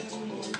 Thank you.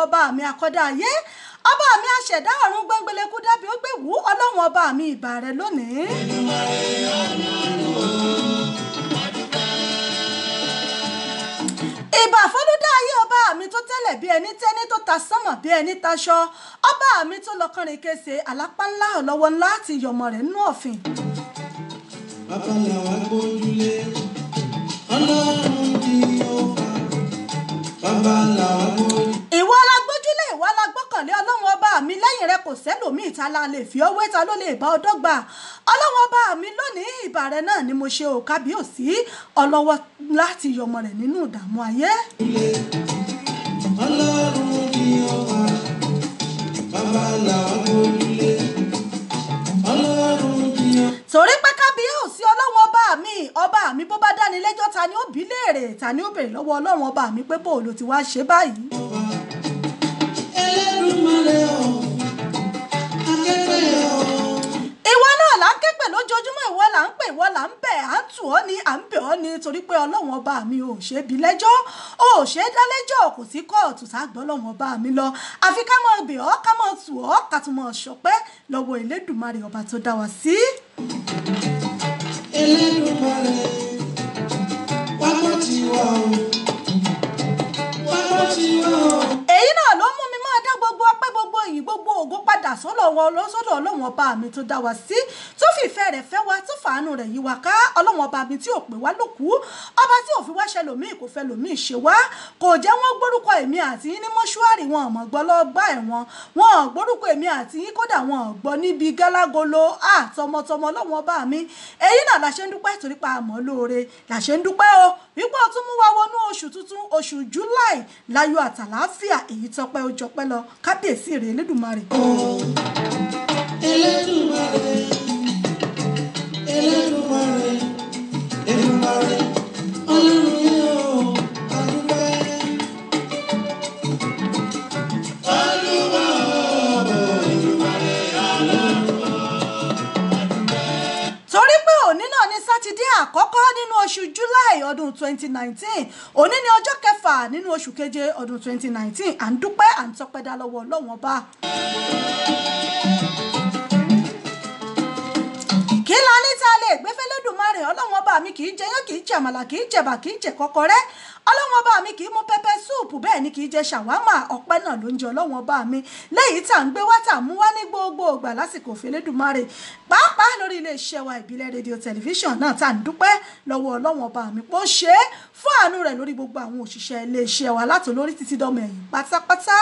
ọlọ́run ọba mi àkọ́dá ayé ọba mi àṣẹ̀dá ọ̀run gbẹ́ngbẹ́lẹ́kú dábì ó gbé wú ọlọ́run ọba mi ìbà rẹ lónìí. ìbà fọlúdá ayé ọba mi tó tẹ́lẹ̀ bí ẹni tẹ́ni tó ta sánmọ̀ bí ẹni taṣọ ọba mi tó lọ́kànrin kése àlápá ńlá ọ̀lọ́wọ́ ńlá àti ìyọ̀mọ̀ rẹ̀ nínú ọ̀fìn. bàbá làwọn agbójúlé ọlọ́run la lè fi ọ́ wé ta ló lè bá ọ dọ́gba ọlọ́wọ́n bá mi lónìí ìbà náà ni mo ṣe ò kábíyèsí ọlọ́wọ́ láti yọmọ rẹ̀ nínú ìdààmú ayé. torí pé kábíyèsí ọlọ́wọ́n bá mi ọba mi bó bá dáni lẹ́jọ́ ta ni ó bí léèrè ta ni ó béèrè lọ́wọ́ ọlọ́run ọba mi pé bó o lo ti wá ṣe báyìí. ẹlẹ́rù máa lẹ́ ọ̀hún. nítorí pé ọlọ́run ọba mi ò ṣe bí lẹ́jọ́ ò ṣe dá lẹ́jọ́ kò sí kóòtù ságbọ́ ọlọ́run ọba mi lọ àfi ká mọ̀ bẹ̀ ọ́ ká mọ̀ tù ọ́ ká tún mọ̀ ṣọpẹ́ lọ́wọ́ Elédùmarè ọba tó dá wa sí. Elédùmarè wákò tí wà ó wákò tí wà yìí gbogbo ògo padà sọ́dọ̀ wọn lọ́sọ́dọ̀ ọlọ́run ọba mi tó dá wa sí tó fìfẹ́ rẹ̀ fẹ́ wa tó fàánú rẹ̀ yí wa ká ọlọ́run ọba mi tí ò pè wá lókù ọba tí ò fi wá ṣe lòmíì kò fẹ́ lòmíì ṣe wá kò jẹ́ wọ́n gbórúkọ èmi àti yín ní mọ́ṣúárì wọn ọ̀mọ̀ gbọ́ lọ́gbà ẹ̀wọ̀n wọn ò gbórúkọ èmi àti yín kódà wọn gbọ́ níbi gálágolo àtọmọtọmọ ọlọ́run mi èyí la ṣe ń pa àmọ́ lóore la ṣe ń dúpẹ́ o wípé o tún mú wa wọnú oṣù tuntun oṣù July láyọ̀ àtàlàáfíà Elédùmarè. Elédùmarè Elédùmarè Elédùmarè Ọlọ́run yóò. sátidé àkọ́kọ́ nínú oṣù july ọdún 2019 òní ni ọjọ́ kẹfà nínú oṣù keje ọdún 2019 à ń dúpẹ́ à ń tọpẹ́ dá lọ́wọ́ ọlọ́wọ́n bá. kí la ta ègbéfẹ́lẹ́dùnmarè ọlọ́run ọba mi kì í jẹ yán kì í jẹ àmàlà kì í jẹ̀bà kì í jẹ kọ́kọ́rẹ́ ọlọ́run ọba mi kì í mu pẹpẹ súùpù bẹ́ẹ̀ ni kì í jẹ ṣàwámà ọpẹ́ náà ló ń jẹ ọlọ́run ọba mi léyìí tá à ń gbé wá tà mú wá ní gbogbo ògbà lásìkò fẹ́lẹ́dùnmarè pàápàá lórí iléeṣẹ́ wa ìbílẹ̀ rédíò tẹlifíṣàn náà tá à ń dúpẹ́ lọ́wọ́ ọlọ́run ọba mi pé ó ṣe é fún àánú rẹ̀ lórí gbogbo àwọn òṣìṣẹ́ iléeṣẹ́ wa látòlórí títí dọ́mọ ẹ̀yìn pátápátá.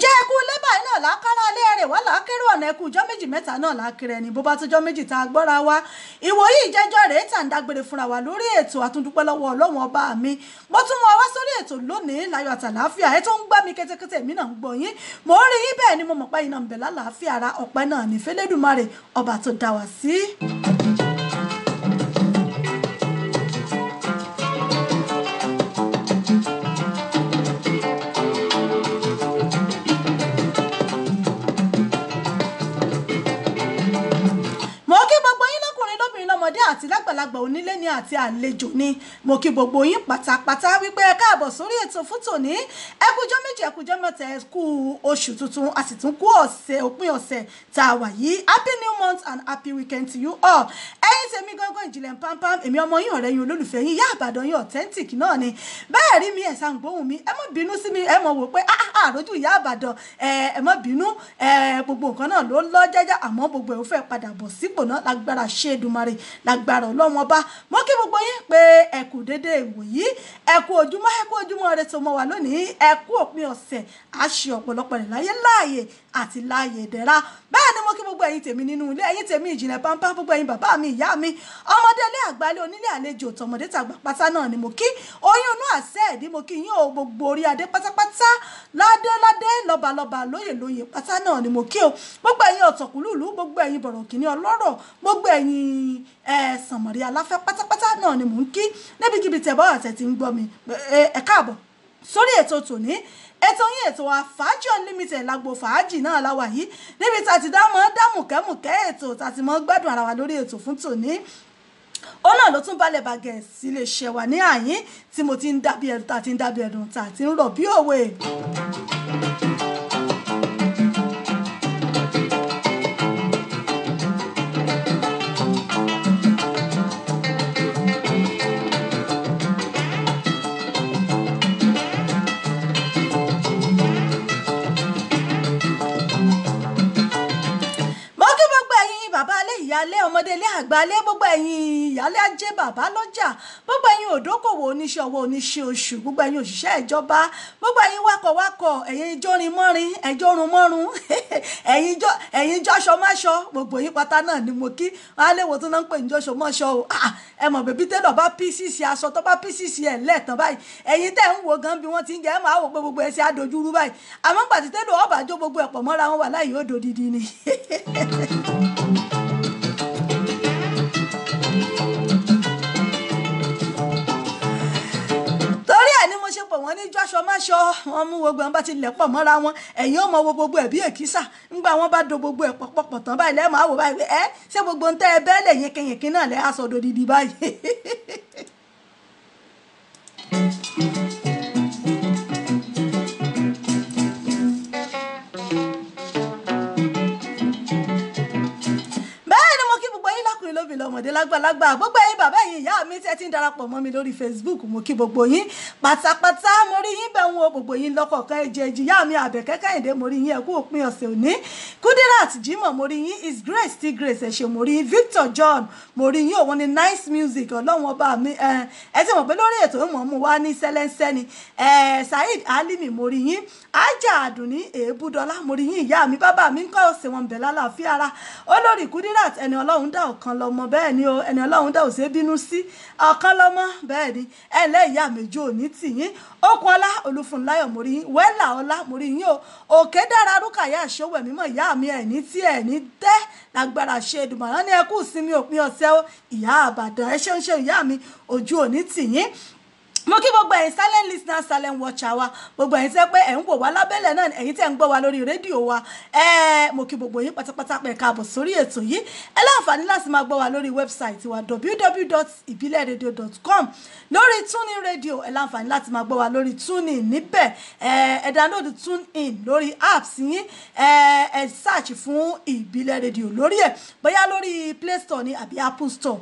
ìjẹ́ ẹkú ilé báyìí náà lákàrà alẹ́ rẹ̀ wá lákèrè ọ̀nà ẹkú ìjọ́ méjì mẹ́ta náà lákèrè ẹni bó bá tọjọ́ méjì tá a gbọ́ra wa ìwòyí ìjẹ́jọ́ rẹ̀ tà ń dágbére fúnra wa lórí ètò àtúndúpẹ́ lọ́wọ́ ọlọ́wọ́n ọba mi mo tún mọ wá sórí ètò lónìí láyọ̀ àtàláfíà ẹ tó ń gbá mi kétékété mi náà ń gbọ́ yín mò rí yín bẹ́ẹ̀ ni mo mọ̀ pé iná ń bẹ lálàáfíà ara ọ̀pẹ náà nífẹ̀ẹ́ lẹ́dùnmarè ọba tó dá wa sí. àgbàlagbà onílé ni àti àlejò ni mo kí gbogbo yín pátápátá wípé ẹ káàbọ̀ sórí ètò fún tòní ẹ méjì ẹ mẹ́ta ẹ oṣù tuntun a sì tún kú ọ̀sẹ̀ òpin ọ̀sẹ̀ tá a wà yìí happy new month and happy weekend to you all ẹ̀yin tèmi gángan ìjìnlẹ̀ pampam èmi ọmọ yín ọ̀rẹ́ yín olólùfẹ́ yín yá àbàdàn yín authentic náà ni bẹ́ẹ̀ rí mi ẹ̀sán gbóhùn mi ẹ má bínú sí mi ẹ mọ̀ wò pé ah, ah, àròjù ìyá àbàdàn ẹ má bínú gbogbo nǹkan náà ló ń lọ jẹ́jẹ́ àmọ́ gbogbo ẹ̀ ò fẹ́ padà bọ̀ sípò náà lágbára ṣé Èdùmàrè lágbára ọlọ́run ọlọ́wọ́n bá mo kí gbogbo yín pé ẹ kú dédé ìwòyí ẹ kú ojúmọ́ ẹ kú ojúmọ́ rẹ tó mọ wà lónìí ẹ òpin ọ̀sẹ̀ àṣì ọ̀pọ̀lọpọ̀ rẹ̀ láyé láàyè àti láàyè ìdẹ́ra bẹ́ẹ̀ ni mo kí gbogbo ẹ̀yin tèmi nínú ilé ẹ̀yin tèmi ìjìnlẹ̀ pampa gbogbo ẹ̀yin bàbá mi ìyá mi ọmọdé ilé àgbálé onílé àlejò tọmọdé tàgbà pátá náà ni mo kí oyún inú àṣẹ ẹ̀dí mo kí yín o gbogbo orí adé pátápátá ládé ládé lọ́balọ́ba lóyè lóyè pátá náà ni mo kí o gbogbo ẹ̀yin ọ̀tọ̀kùlùlù gbogbo ẹ̀yin bọ̀rọ̀ kìíní ọlọ́rọ̀ gbogbo ẹ̀yin sànmọ̀rí aláfẹ́ pátápátá náà ni mò ń kí níbikíbi tẹ̀bọ́ àtẹ̀ ti ń gbọ́ mi ẹ káàbọ̀ ètò yín ètò àfáàjì unlimited lágbo fàájì náà láwa yìí níbi tàti dámọ̀ dámùkẹ́mùkẹ́ ètò tàti mọ́ gbádùn ara wa lórí ètò fún tòní ó náà ló tún balẹ̀ bàgẹ̀ sílé iṣẹ́ wa ní àyín tí mo ti ń dábìí ẹ̀dùn tá ti ń dábìí ẹ̀dùn tá ti ń rọ̀ bí òwe. àgbáálé gbogbo ẹ̀yin ìyálé ajé bàbá lọ́jà gbogbo ẹ̀yin òdókòwò oníṣẹ́ ọwọ́ oníṣẹ́ oṣù gbogbo ẹ̀yin òṣìṣẹ́ ìjọba gbogbo ẹ̀yin wakọ̀wakọ̀ ẹ̀yin ìjọrin mọ́rin ẹ̀jọ̀run mọ́run ẹ̀yin jọ́ṣọmáṣọ gbogbo yín pátá náà ni mo kí wọn á léwo tó náà ń pè ní jọ́ṣọmáṣọ o ah, ẹ mọ̀ bèbí tẹ́lọ̀ bá píìsì aṣọ tó bá píìsì ẹ̀ lẹ́ẹ̀tàn báyìí ẹ̀yin tẹ́ ń wo gan bí wọ́n ti ń jẹ́ ẹ̀ máa wò pé gbogbo ẹsẹ̀ adojúrú báyìí àmọ́ gbàtí tẹ́lọ̀ ọ̀bàjọ́ gbogbo ẹ̀pọ̀ mọ́ra wọn wà láyé ó dòdìdì ni. wọ́n ní jọ́ṣọmáṣọ wọ́n mú gbogbo wọn bá ti lẹ̀ pọ̀ mọ́ra wọn ẹ̀yin ò mọ wo gbogbo ẹ̀ bí èkísà ńgbà wọn bá do gbogbo ẹ̀ pọ̀pọ̀pọ̀ tán báyìí lẹ́ẹ̀mọ́ àwò báyìí pé ẹ́ ṣé gbogbo ń tẹ́ ẹ bẹ́ẹ̀ lè yinkinyinkin náà lẹ́ aṣọ òdòdìdì báyìí. mi lọ́mọdé lágbàlagbà gbogbo ẹ̀yin bàbá ẹ̀yin ìyá mi tẹ́ ń darapọ̀ mọ́ mi lórí Facebook mo kí gbogbo yín pátápátá mo rí yín bẹ̀ ń gbogbo yín lọ́kọ̀ọ̀kan ẹ̀jẹ̀ ìjìyá mi àbẹ̀kẹ́ mo rí yín ẹ̀kú òpin ọ̀sẹ̀ òní Kudirat Jimoh mo rí yín is grace ti grace ẹ̀ṣẹ̀ mo rí yín Victor John mo rí yín òun ni nice music ọlọ́run ọba mi ẹ ti mọ̀ pé lórí ètò ìmọ̀ mu wá ní sẹ́lẹ́sẹ́ ni Saheed Alimi mo rí yín ajá àdùnní èébúdọ́lá mo rí yín ìyá mi bàbá mi ń kọ́ ọ̀sẹ̀ wọn bẹ̀ lálàáfíà ara olórí Kudirat ẹni ọlọ́run dá ọ̀kan lọ́mọ ọmọ bẹ́ẹ̀ ni o ẹni ọlọ́run dẹ̀ ò ṣe bínú sí ọ̀kan lọ́mọ bẹ́ẹ̀ ni ẹ̀lẹ́ ìyá méjì ò ní tìyín okun ọlá olúfunláyọ̀ mórí yín wẹ́là ọlá mórí yín o òkè dára rúkàyà àṣọwọ̀ ẹ̀mí mọ̀ ìyá mi ẹ̀ní tí ẹ̀ní tẹ́ lágbára ṣe èdùmọ̀ràn ní ẹkú sinmi òpin ọ̀sẹ̀ o ìyá àbàdàn ẹ ṣeun ṣeun ìyá mi ojú ò ní tìyín mo kí gbogbo ẹ̀yin silent listener silent watcher wa gbogbo ẹ̀yin tẹ́ pé ẹ̀ ń wò wá lábẹ́lẹ̀ náà ẹ̀yin tẹ́ ń gbọ́ wa lórí rédíò wa mo kí gbogbo yín pátápátá pẹ̀ káàbọ̀ sórí ètò yìí ẹ láǹfààní láti máa gbọ́ wa lórí wẹ́bsáìtì wa www.ibileradio.com lórí tunein radio ẹ láǹfààní láti máa gbọ́ wa lórí tunein níbẹ̀ ẹ download in. lórí apps yín ẹ search fún ìbílẹ̀ radio lórí ẹ̀ bóyá lórí play store ni àbí apple store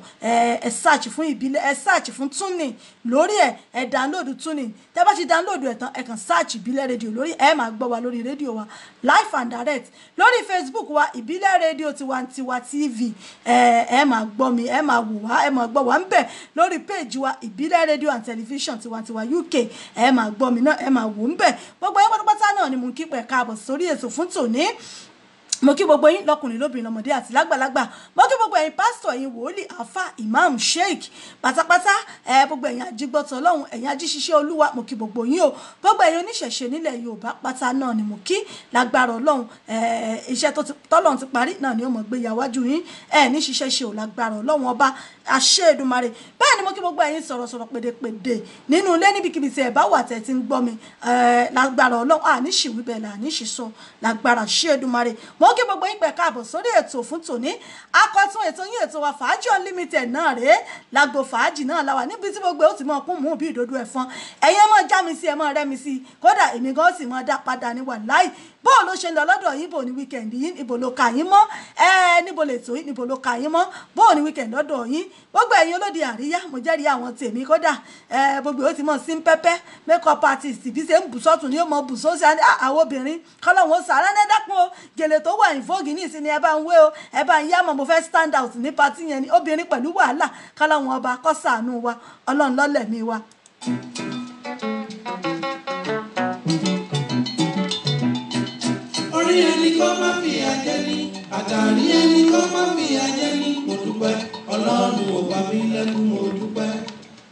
ẹ search fún ìbílẹ̀ ẹ search fún tunein lórí ẹ̀ ẹ download tuning tẹ́ bá ṣe download ẹ̀ tán ẹ kàn search ìbílẹ̀ rédíò lórí ẹ máa gbọ́ wa lórí rédíò wa live and direct lórí facebook wa ìbílẹ̀ rédíò tiwantiwa tv ẹ máa gbọ́ mi ẹ máa wò wá ẹ máa gbọ́ wá ń bẹ̀ lórí page wa ìbílẹ̀ rédíò and television tiwantiwa uk ẹ máa gbọ́ mi náà ẹ máa wò ń bẹ̀ gbogbo ẹ pátápátá náà ni mo ń kí pẹ̀ káàbọ̀ sórí ètò fún tòní mo kí gbogbo yín lọkùnrin lóbìnrin lọmọdé àti lágbàlagbà mo kí gbogbo ẹ̀yin pásítọ̀ ẹ̀yin wòlíì àfa imam sheik pátápátá ẹ gbogbo ẹ̀yin ajígbọtọ Ọlọ́run ẹ̀yin ajíṣiṣẹ́ Olúwa mo kí gbogbo yín o gbogbo ẹ̀yin oníṣẹ̀ṣe nílẹ̀ Yorùbá pátá náà ni mo kí lágbára Ọlọ́run iṣẹ́ tọ́lọ́run ti parí náà ni ó mọ gbé yàwájú yín ẹ ní ṣiṣẹ́ ṣe ò lágbára Ọlọ́run ọba àṣẹ Èdùmàrè bẹ́ẹ̀ ni mo kí gbogbo ẹ̀yin sọ̀rọ̀sọ̀rọ̀ pèdèpèdè nínú ilé níbikíbi tí ẹ bá wà tẹ́ ti ń gbọ́ mi lágbára Ọlọ́run àníṣìwíbẹ̀ là àníṣìṣọ lágbára àṣẹ Èdùmàrè mo mo kí gbogbo yín pẹ̀ káàbọ̀ sórí ètò fún tòní akọ́tún ètò yín ètò wa fàájì unlimited náà rèé lágbo fàájì náà la wà níbi tí gbogbo ẹ̀ ó ti mọ ọkún mú bí ìdodo ẹ̀fọn ẹ̀yin ẹ̀ mọ́ já mi sí ẹ̀ mọ́ rẹ́ mi sí kódà èmi gan ó sì mọ́ dá padà ní wàláì bóò ló ṣe lọ lọ́dọ̀ yín bò ní weekend yín níbo ló kà yín mọ́ ẹ níbo lè tó yín níbo ló kà yín mọ́ bóò ní weekend lọ́dọ̀ yín gbogbo ẹ̀yin olóde àríyá mo jẹ́rìí àwọn tèmi kódà ẹ gbogbo ó ti mọ̀ sí pẹ́pẹ́ makeup artist bí ṣe ń bù sọ́tún ni ó mọ̀ bù sósì ah, àwọn obìnrin kọ́lọ́hún ó sàárẹ́ ní dákun o gèlè tó wà ní ní ìsinmi ẹ bá ń wé o ẹ bá ń yá mọ̀ mo fẹ́ stand out ní patí yẹn ni obìnrin pẹ̀lú wàhálà kọ́lọ́hún ọba kó ṣàánú wa ọlọ́run lọ́lẹ̀mí wa. thank orí ẹni kó má fìyà jẹ ni àtàrí ẹni kó má fìyà jẹ ni mo dúpẹ́ ọlọ́run ò pa mí lẹ́kún mo dúpẹ́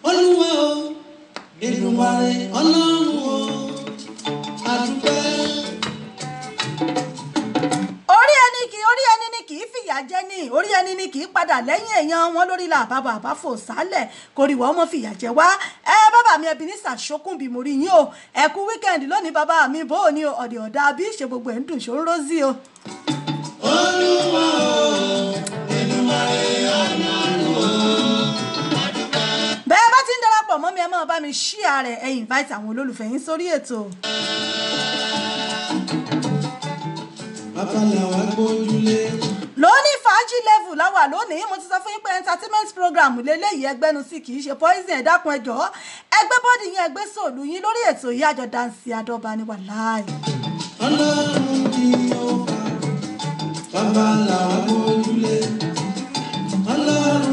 olúwa o Èdùmàrè ọlọ́run o a dúpẹ́ kì í orí ẹni ni kì í fìyà jẹ ní orí ẹni ni kì í padà lẹ́yìn èèyàn wọn lórí la bàbà àbáfò sálẹ̀ kórìíwá ọmọ fìyà jẹ wá ẹ bàbá mi ẹbí ní sàṣókùn bí mo rí yín o ẹ kú weekend lónìí bàbá mi bó o ní o ọ̀dẹ̀ ọ̀dà bí ìṣe gbogbo ẹ̀ ń dùn ṣó ń rọ́ọ̀sì o. olúwa ìlú ayé àná bẹ́ẹ̀ bá ti ń darapọ̀ mọ́ mi ẹ máa bá mi ṣíà rẹ̀ ẹ invite àwọn olólùfẹ́ yín sórí ètò àkàlà wa gbójúlé. lónìí fàájì level láwà lónìí mo ti sọ fún yín pé entertainment program lélẹ́yìí ẹgbẹ́nu sí kì í ṣe poison ẹ̀dákun ẹjọ́ ẹgbẹ́ bọ́dì yín ẹgbẹ́ sòlù yín lórí ètò yìí àjọ dansi adọ́ba ni wà láàyè. ọlọ́run ni ó bá bàbá làwọn gbójúlé ọlọ́run.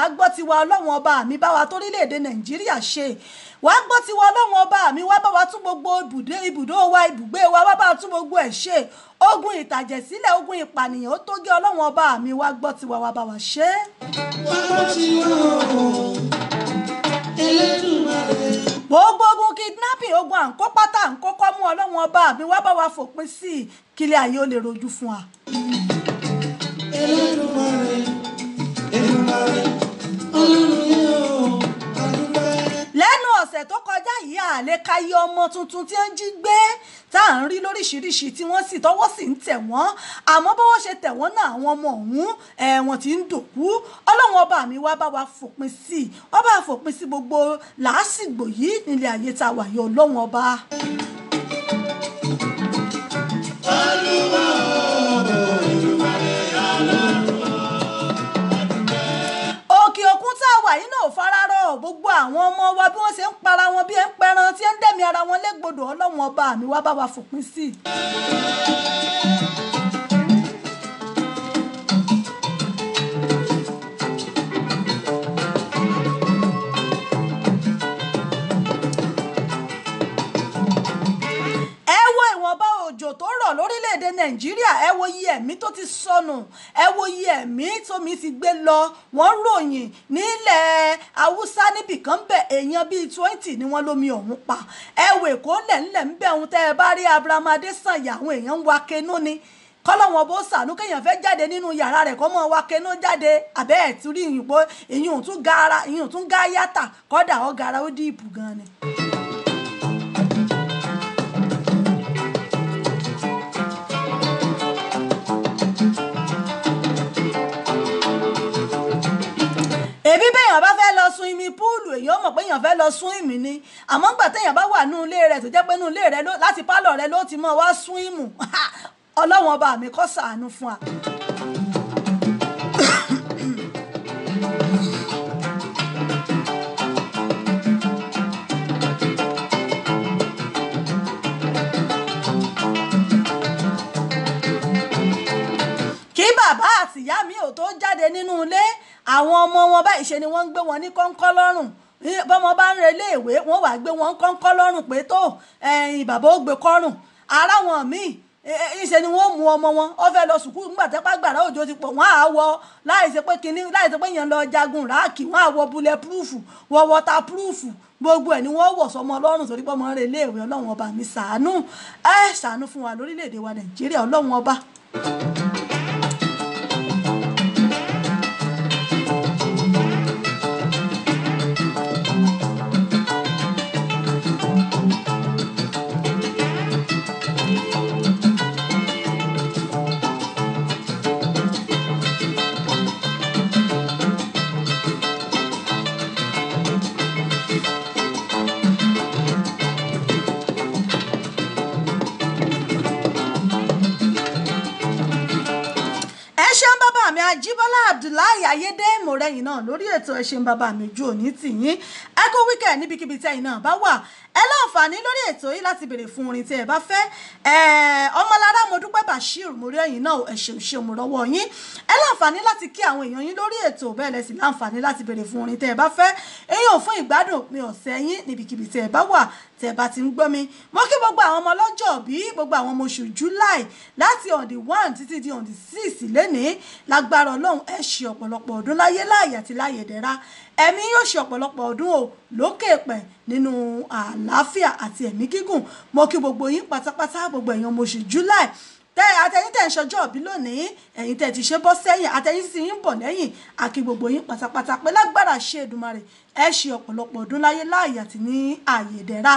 wàá gbọ́ tiwa ọlọ́run ọba mi bá wa torílẹ̀-èdè nàìjíríà ṣe wàá gbọ́ tiwa ọlọ́run ọba mi wá bá wa tún gbogbo ibùdó wa ibùgbé wa wá bá wa tún gbogbo ẹ̀ ṣe ogun ìtàjẹ̀sílẹ̀ ogun ìpànìyàn ó tó gé ọlọ́run ọba mi wá gbọ́ tiwa wa bá wa ṣe. wọ́n ogun kidnapping ogun à ń kó pátá à ń kókọ́ mú ọlọ́run ọba mi wá bá wa fòpin sí i kílẹ̀ ayé ó lè rojú fún wa. ẹlẹ́dùnmarè lẹ́nu ọ̀sẹ̀ tó kọjá yìí àlékáyé ọmọ tuntun tí ń jí gbé tá à ń rí lóríṣiríṣi tí wọ́n sì tọ́wọ́ sì ń tẹ̀ wọ́n àmọ́ bọ́wọ́ ṣe tẹ̀ wọ́n náà àwọn ọmọ ọ̀hún ẹ̀wọ̀n tí ń dòkú ọlọ́run ọba mi wá bá wa fòpin sí i wá bá wa fòpin sí gbogbo làásìgbò yìí nílẹ̀ ayé ta wà yọ ọlọ́run ọba. olúwa ogun tá a wà yìí náà fararọ gbogbo àwọn ọmọ wa bí wọ́n ṣe ń para wọn bí ẹ ń pẹran tí ẹ ń dẹ̀mí ara wọn légbodò ọlọ́wọ́n ọba mi wá bá wa fòpin sí i. orílẹ̀-èdè nàìjíríà ẹ wo iye ẹ̀mí tó ti sọnù ẹ wo iye ẹ̀mí tómi ti gbé lọ wọ́n ròyìn nílẹ̀ haúsá níbìkan bẹ̀ èèyàn bíi twenty ni wọ́n lómi ọ̀hún pa ẹ wo èkó lẹ̀ńlẹ̀ ń bẹ̀ ọ̀hún tẹ́ ẹ bá rí abraham adésànyà àwọn èèyàn ń wa kenú ni kọ́lọ́wọ́n bó sànú kéèyàn fẹ́ jáde nínú yàrá rẹ̀ kọ́ mọ́ wa kenú jáde àbẹ́ ẹ̀ tún rí ìyìnbó ìyìn òtún gara ìyìn òtún gáyàtà kọ́dà ọ̀gara ó dìbò gan ni. téèyàn bá fẹ́ lọ sun imi púùlù èyàn mọ̀ pé èyàn fẹ́ lọ sun ìmì ni àmọ́ ńgbà téèyàn bá wà nú ilé rẹ̀ tó jẹ́ pé nú ilé rẹ̀ láti pálọ̀ rẹ̀ ló ti mọ̀ wá sun ìmù ọlọ́wọ́n ọba mi kó ṣàánú fún wa. kí bàbá àtìyá mi ò tó jáde nínú ilé àwọn ọmọ wọn báyìí ṣe ni wọ́n ń gbé wọn ní kọ́ńkọ́ lọ́rùn bọ́mọ bá ń re iléèwé wọ́n wàá gbé wọn kọ́ńkọ́ lọ́rùn pé tó bàbá ó gbé kọ́rùn ara wọn míì ìṣe ni wọ́n mú ọmọ wọn ó fẹ́ lọ sùkúù nígbà tẹ́pá gbàrà òjò ti pọ̀ wọ́n á wọ láìsí pé kinní láìsí pé èèyàn lọ jagun ráàkì wọ́n á wọ bulẹ̀ púrúfù wọ wọta púrúfù gbogbo ẹ̀ ni wọ́n wọ̀ sọmọ ọlọ́run torí pé ọmọ rẹ̀ iléèwé ọlọ́run ọba mi ṣàánú ẹ ṣàánú fún wa lórílẹ̀‐èdè wa nàìjíríà ọlọ́run ọba. July ayédèmọ̀ rẹ̀yìn náà lórí ètò ẹ̀ṣin bàbá mi ju òní tìyín ẹ kó wíkẹ̀ níbikíbi tẹ́yìn náà bá wà ẹ láǹfààní lórí ètò yìí láti béèrè fún orin tí ẹ bá fẹ́ ọmọlára mo dúpẹ́ Bashir mo rí ẹ̀yìn náà ẹ ṣeun ṣeun mo rọ́wọ́ yín ẹ láǹfààní láti kí àwọn èèyàn yín lórí ètò bẹ́ẹ̀ lẹ́sìn láǹfààní láti béèrè fún orin tí ẹ bá fẹ́ èèyàn fún ìgbádùn mi ọ̀sẹ̀ yín níbikíbi tí ẹ bá wà tẹ́ bá ti ń gbọ́ mi mo kí gbogbo àwọn ọmọ ọlọ́jọ́ bí gbogbo àwọn ọmọ oṣù july láti on the one títí di on the six lénìí lágbára ọlọ́run ẹ ṣe ọ̀pọ̀lọpọ̀ ọdún láyé láàyè àti láyè dẹ́ra ẹ̀mí yóò ṣe ọ̀pọ̀lọpọ̀ ọdún o lókè pẹ̀ nínú àlàáfíà àti ẹ̀mí gígùn mo kí gbogbo yín pátápátá gbogbo èèyàn ọmọ oṣù july tẹ àtẹ̀yin tẹ̀ ń ṣọjọ́ òbí lónìí ẹ̀yin tẹ̀ ti ṣe bọ́ sẹ́yìn àtẹ̀yin sì ń bọ̀ lẹ́yìn àkí gbogbo yín pátápátá pé lágbára ṣe Èdùmàrè ẹ ṣe ọ̀pọ̀lọpọ̀ ọdún láyé láàyè àti ní ààyè ìdẹ̀ra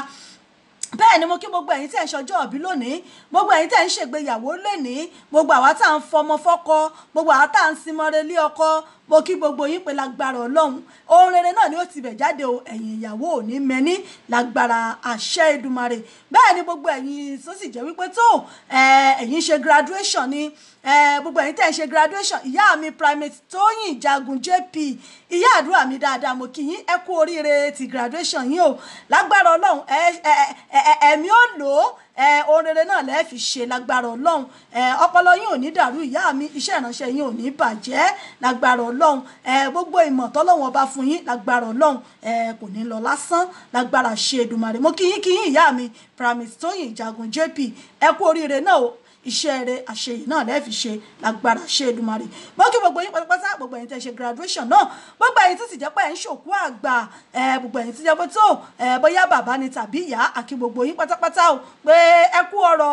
bẹ́ẹ̀ ni mo kí gbogbo ẹ̀yin tẹ̀ ń ṣọjọ́ ọ̀bí lónìí gbogbo ẹ̀yin tẹ̀ ń ṣègbéyàwó lónìí gbogbo àwa tá à ń fọmọ fọ́kọ gbogbo àwa tá à ń simọ́re lé ọkọ mo kí gbogbo yín pé lágbára ọlọ́run ohun rere náà ni ó ti bẹ̀ jáde o ẹ̀yin ìyàwó ò ní mẹ́ni lágbára àṣẹ Èdùmàrè bẹ́ẹ̀ ni gbogbo ẹ̀yin tó sì jẹ́ wípé tó ẹ̀yin ṣe graduation ni gbogbo ẹ̀yin tẹ̀ ń ṣe graduation ìyá mi primate Tóyìn Jagun JP ìyá àdúrà mi dáadáa mo kí yín ẹ kú oríire ti graduation yín o lágbára ọlọ́run ẹ̀mí ò lò ó ohun rere náà lẹ́ẹ̀ fi ṣe lágbára ọlọ́run ọpọlọ yín ò ní dàrú ìyá mi iṣẹ́ ìránṣẹ́ yín ò ní bàjẹ́ lágbára ọlọ́run gbogbo ìmọ̀ tọ́lọ́wọ́n bá fún yín lágbára ọlọ́run kò ní lọ lásán lágbára ṣe Èdùmàrè mo kí yín kí yín ìyá mi Primus Tóyìn Ìjàgùn JP ẹ kú oríire náà o iṣẹ́ rẹ àṣeyìí náà lẹ́ẹ̀ fi ṣe lágbára ṣe Èdùmàrè bọ́kí gbogbo yín pátápátá gbogbo ẹ̀yin tẹ́ ṣe graduation náà gbogbo ẹ̀yin tó sì jẹ́ pé ẹ̀ ń ṣòkú àgbà gbogbo ẹ̀yin tó jẹ́ pé tó bóyá bàbá ni tàbí ìyá àkí gbogbo yín pátápátá o pé ẹ kú ọ̀rọ̀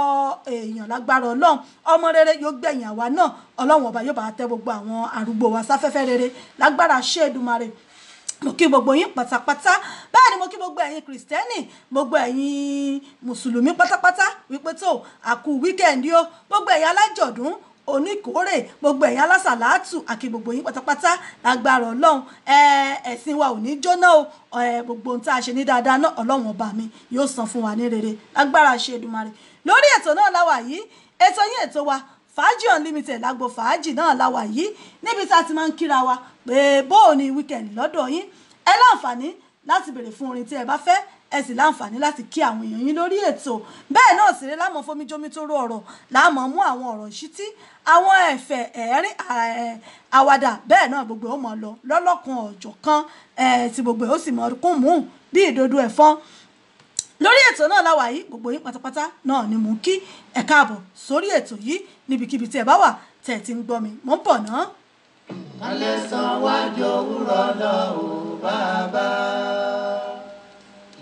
èèyàn lágbára ọlọ́run ọmọ rere yóò gbẹ̀yìn àwa náà ọlọ́run ọba yóò bá tẹ gbogbo àwọn arúgbó wa sáfẹ́fẹ́ rere lágbára ṣe Èdùmàrè mo kí gbogbo yín pátápátá bẹ́ẹ̀ ni mo kí gbogbo ẹ̀yin kìrìsìtẹ́nì gbogbo ẹ̀yin mùsùlùmí pátápátá wípé tó àkú wíkẹ́ndì o gbogbo ẹ̀yin alájọ̀dún oníkórè gbogbo ẹ̀yin alásàlátù àkí gbogbo yín pátápátá lágbára ọlọ́run ẹ̀sìn wa ò ní jóná o gbogbo ohun tá a ṣe ní dáadáa náà ọlọ́run ọba mi yóò san fún wa ní rere lágbára ṣe Èdùmàrè lórí ètò náà láwà yìí ètò yín ètò wa fàájì unlimited lágbo fàájì náà láwà yìí níbi tá a ti máa ń kíra wa pé bóò ni weekend lọ́dọ̀ yín ẹ láǹfààní láti béèrè fún orin tí ẹ bá fẹ́ ẹ sì láǹfààní láti kí àwọn èèyàn yín lórí ètò bẹ́ẹ̀ náà sì rí láàmú fomijomi tó rú ọ̀rọ̀ láàmú mú àwọn ọ̀rọ̀ ìṣítí àwọn ẹ̀fẹ̀ ẹ̀rín àwàdà bẹ́ẹ̀ náà gbogbo ó mọ̀ lọ lọ́lọ́kan ọ̀jọ̀ kan tí gbogbo ó sì mọ̀ kún mú bí ìdodo ẹ̀fọn lórí ètò náà láwà yìí gbogbo yín pátápátá náà ni mò ń kí ẹ káàbọ̀ sórí ètò yìí níbikíbi tí ẹ bá wà tẹ̀ ti ń gbọ́ mi mò ń bọ̀ náà alẹ́ san wájú òwúrọ̀ lọ ò bàbá.